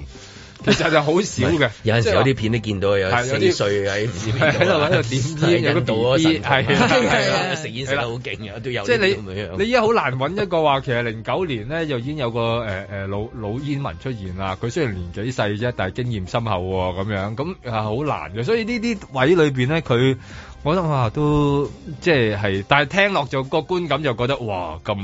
其實就好少嘅， 有陣時有啲片都見到，有 有啲歲喺喺度揾個點煙喺度度嗰啲，係係啊， 食煙食得好勁嘅，都有即係啦你你依家好難揾一個話，其實零九年呢，又已經有個、呃、老老煙民出現啦。佢雖然年紀細啫，但係經驗深厚喎、哦、咁樣，咁啊好難嘅。所以呢啲位裏邊呢，佢我覺得哇，都即係係，但係聽落就、個觀感就覺得哇咁。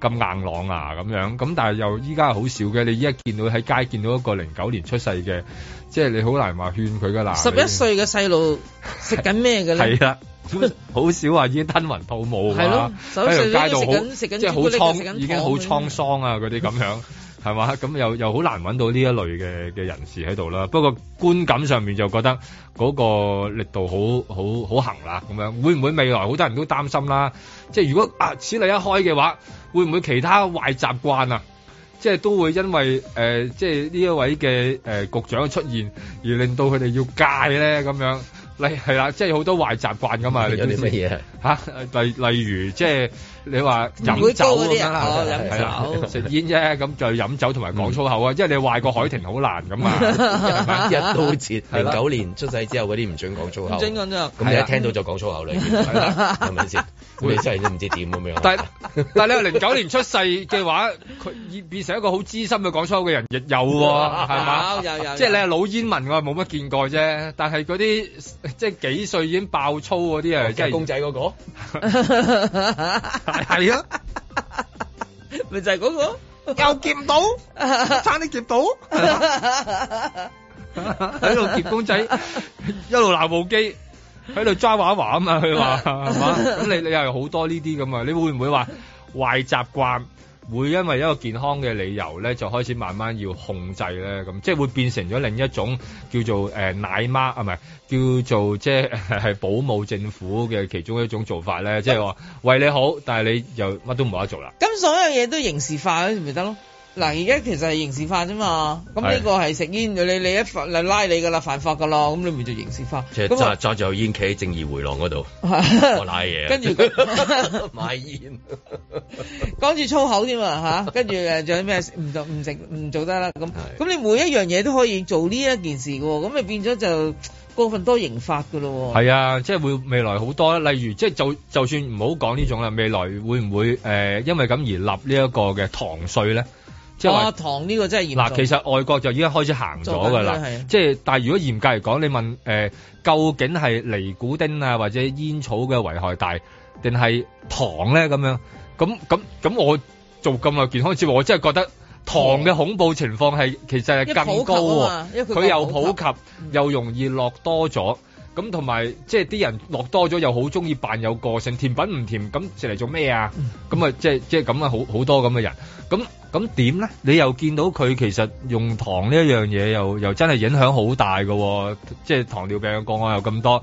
咁硬朗啊，咁樣咁，但係又依家好少嘅。你依家見到喺街見到一個零九年出世嘅，即係你好難話勸佢噶啦。十一歲嘅細路食緊咩嘅呢？係啦 好少話已經吞雲吐霧啊，吓！喺條街度食緊即係好倉，已經好滄桑啊，嗰啲咁樣，係嘛？ 咁又又好難揾到呢一類嘅嘅人士喺度啦。不過觀感上面就覺得嗰個力度好好好行啦，咁樣會唔會未來好多人都擔心啦？即係如果啊此例一開嘅話。會唔會其他壞習慣啊？即係都會因為誒、呃，即係呢一位嘅誒、呃、局長嘅出現，而令到佢哋要戒咧咁樣。例係啦，即係好多壞習慣噶嘛。有啲乜嘢吓？例例如即係。你話飲酒咁樣啦，係啦，食煙啫，咁就飲酒同埋講粗口啊！因為你壞過海婷好難咁啊！一刀切，零九年出世之後嗰啲唔准講粗口，咁你一聽到就講粗口你，係咪先？你真係都唔知點咁樣。但係，但係你話零九年出世嘅話，佢變成一個好資深嘅講粗口嘅人亦有，係嘛？有有有，即係你係老煙民，我係冇乜見過啫。但係嗰啲即係幾歲已經爆粗嗰啲啊，即係公仔嗰個係啊，咪 就係嗰、那個又夾唔到，差啲夾到，喺度 夾公仔， 一路拿部機喺度抓娃娃啊嘛，佢話係嘛，咁你你又係好多呢啲咁啊，你會唔會話壞習慣？會因為一個健康嘅理由咧，就開始慢慢要控制咧，咁即係會變成咗另一種，叫做誒奶媽啊，唔係叫做即係係保姆政府嘅其中一種做法咧，即係話為你好，但係你又乜都冇得做啦。咁所有嘢都刑事化咪得咯？嗱，而家其實係刑事化啫嘛，咁呢個係食煙，你你一犯就拉你噶啦，犯法噶啦，咁你咪做刑事法，即係揸揸住支煙企喺正義迴廊嗰度， 我拉嘢。跟住買煙，講住粗口添嘛？吓，跟住仲有咩唔做唔食唔做得啦？咁咁的你每一樣嘢都可以做呢一件事嘅喎，咁咪變咗就過分多刑法嘅咯。係啊，即係會未來好多啦，例如即係就就算唔好講呢種啦，未來會唔會誒、呃、因為咁而立這呢一個嘅糖稅咧？即係話啊糖呢個真係嚴！嗱，其實外國就已經開始行咗噶啦。即係、就是，但係如果嚴格嚟講，你問誒、呃，究竟係尼古丁啊，或者煙草嘅危害大，定係糖咧？咁樣咁咁咁，我做咁耐健康節目，我真係覺得糖嘅恐怖情況係的其實係更高喎。佢又普，、啊、普及，又容易落多咗。咁同埋即係啲人落多咗，又好中意扮有個性，甜品唔甜，咁食嚟做咩啊？咁啊、嗯，即係即係咁啊，好好多咁嘅人咁。咁點咧？你又見到佢其實用糖呢一樣嘢，又又真係影響好大嘅、哦，即係糖尿病嘅個案有咁多。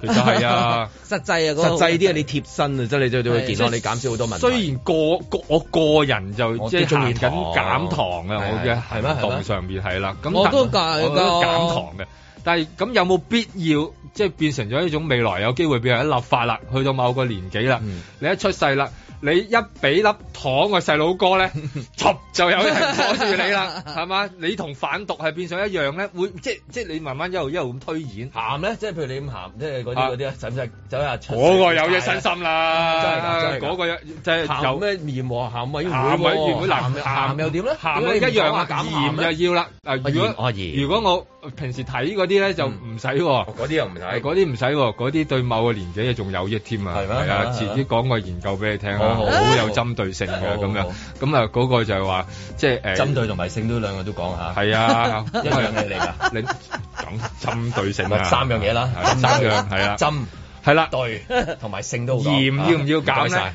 其實係啊 實際啊、嗰個、實際啲啊，你貼身啊，即係你就會見到你減少好多問題，雖然個我，我個人就即係做緊減糖讀啊的我嘅係咩動上面係啦，咁我都得減糖嘅但係咁有冇必要即係變成咗一種未來有機會變成一立法啦？去到某個年紀啦，你一出世啦，你一俾粒糖個細佬哥咧，執就有人阻住你啦，係嘛？你同反毒係變成一樣咧，會即係即係你慢慢一路一路咁推演鹹咧，即係譬如你咁鹹，即係嗰啲嗰啲啊，使唔使走下？我個有益身心啦，嗰個有即係有咩面和鹹啊？鹹味鹹味嗱鹹又點咧？鹹一樣啊，鹽又要啦。啊，如果如果我平時睇嗰啲。咧就唔使，嗰啲又唔使，嗰啲唔使，嗰啲對某個年紀又仲有益添啊！係啊，遲啲講個研究俾你聽，啊，好有針對性嘅咁樣。咁啊，嗰個就係話，即係誒，針對同埋性都兩個都講下。係啊，一樣嘢嚟㗎。你講針對性啊，三樣嘢啦，三樣係啦，針係啦，對同埋性都嚴，要唔要搞晒？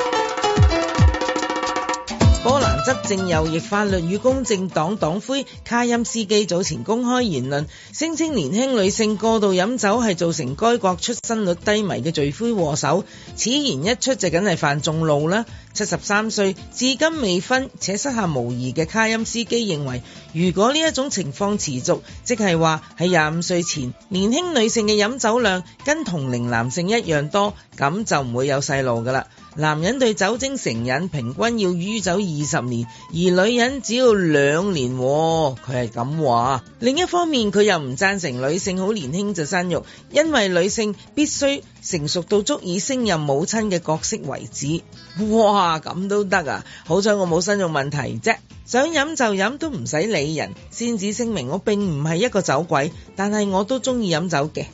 波蘭執政右翼法律與公正黨黨魁卡欽斯基早前公開言論，聲稱年輕女性過度飲酒係造成該國出生率低迷嘅罪魁禍首。此言一出，就梗係犯眾怒啦。七十三歲至今未婚且膝下無兒嘅卡欽斯基認為，如果呢一種情況持續，即係話喺廿五歲前，年輕女性嘅飲酒量跟同齡男性一樣多，咁就唔會有細路噶啦。男人對酒精成癮平均要酗酒二十年，而女人只要兩年，佢係咁話。另一方面，佢又唔贊成女性好年輕就生育，因為女性必須。成熟到足以升任母親嘅角色為止，哇咁都得啊！好彩我冇身孕問題啫，想飲就飲，都唔使理人。先至聲明，我並唔係一個酒鬼，但係我都中意飲酒嘅。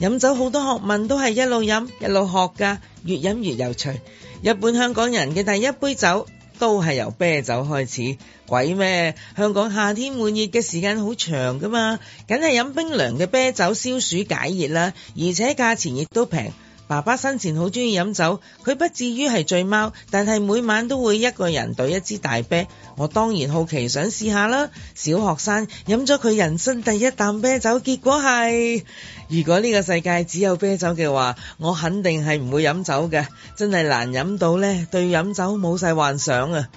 飲酒好多學問，都是，都係一路飲一路學㗎，越飲越有趣。日本香港人嘅第一杯酒，都係由啤酒開始。鬼咩？香港夏天悶熱嘅時間好長噶嘛，梗係飲冰涼嘅啤酒消暑解熱啦。而且價錢亦都平。爸爸生前好中意飲酒，佢不至於係醉貓，但係每晚都會一個人對一支大啤。我當然好奇想試下啦。小學生飲咗佢人生第一啖啤酒，結果係如果呢個世界只有啤酒嘅話，我肯定係唔會飲酒嘅。真係難飲到呢，對飲酒冇晒幻想啊！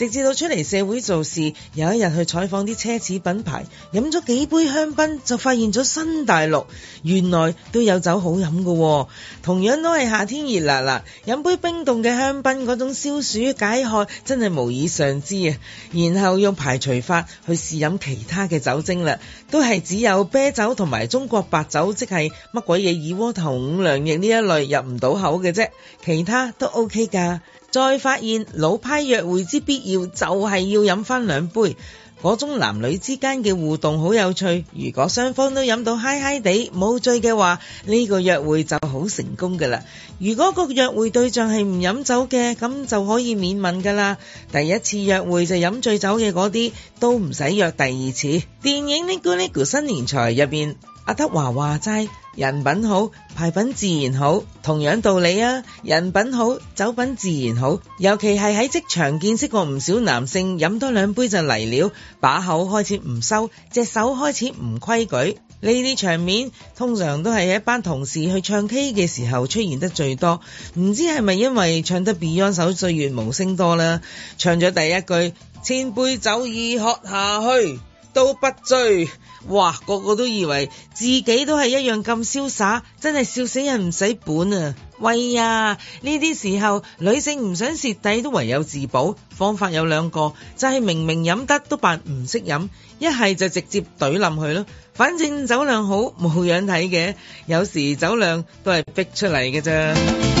直至到出嚟社會做事，有一日去採訪啲奢侈品牌，飲咗幾杯香檳，就發現咗新大陸，原來都有酒好飲嘅。同樣都係夏天熱辣辣，飲杯冰凍嘅香檳，嗰種消暑解渴真係無以尚之啊！然後用排除法去試飲其他嘅酒精啦，都係只有啤酒同埋中國白酒，即係乜鬼嘢二鍋頭同五糧液呢一類入唔到口嘅啫，其他都 OK 噶。再發現老派約會之必要就係要飲翻兩杯，嗰種男女之間嘅互動好有趣。如果雙方都飲到嗨嗨地冇醉嘅話，呢個約會就好成功噶啦。如果個約會對象係唔飲酒嘅，咁就可以免問噶啦。第一次約會就飲醉酒嘅嗰啲都唔使約第二次。電影《Niku Niku》新年財入面。阿、啊、德華話齋，人品好，牌品自然好。同樣道理啊，人品好，酒品自然好。尤其係喺職場見識過唔少男性，飲多兩杯就嚟了，把口開始唔收，隻手開始唔規矩。呢啲場面通常都係一班同事去唱 K 嘅時候出現得最多。唔知係咪因為唱得 Beyond 首《歲月無聲》多啦？唱咗第一句，千杯酒已喝下去。都不追，哇！個個都以為自己都係一樣咁瀟灑，真係笑死人唔使本啊！喂呀，呢啲時候女性唔想蝕底都唯有自保，方法有兩個，就係明明飲得都扮唔識飲，一係就直接懟冧佢咯，反正酒量好冇樣睇嘅，有時酒量都係逼出嚟嘅啫。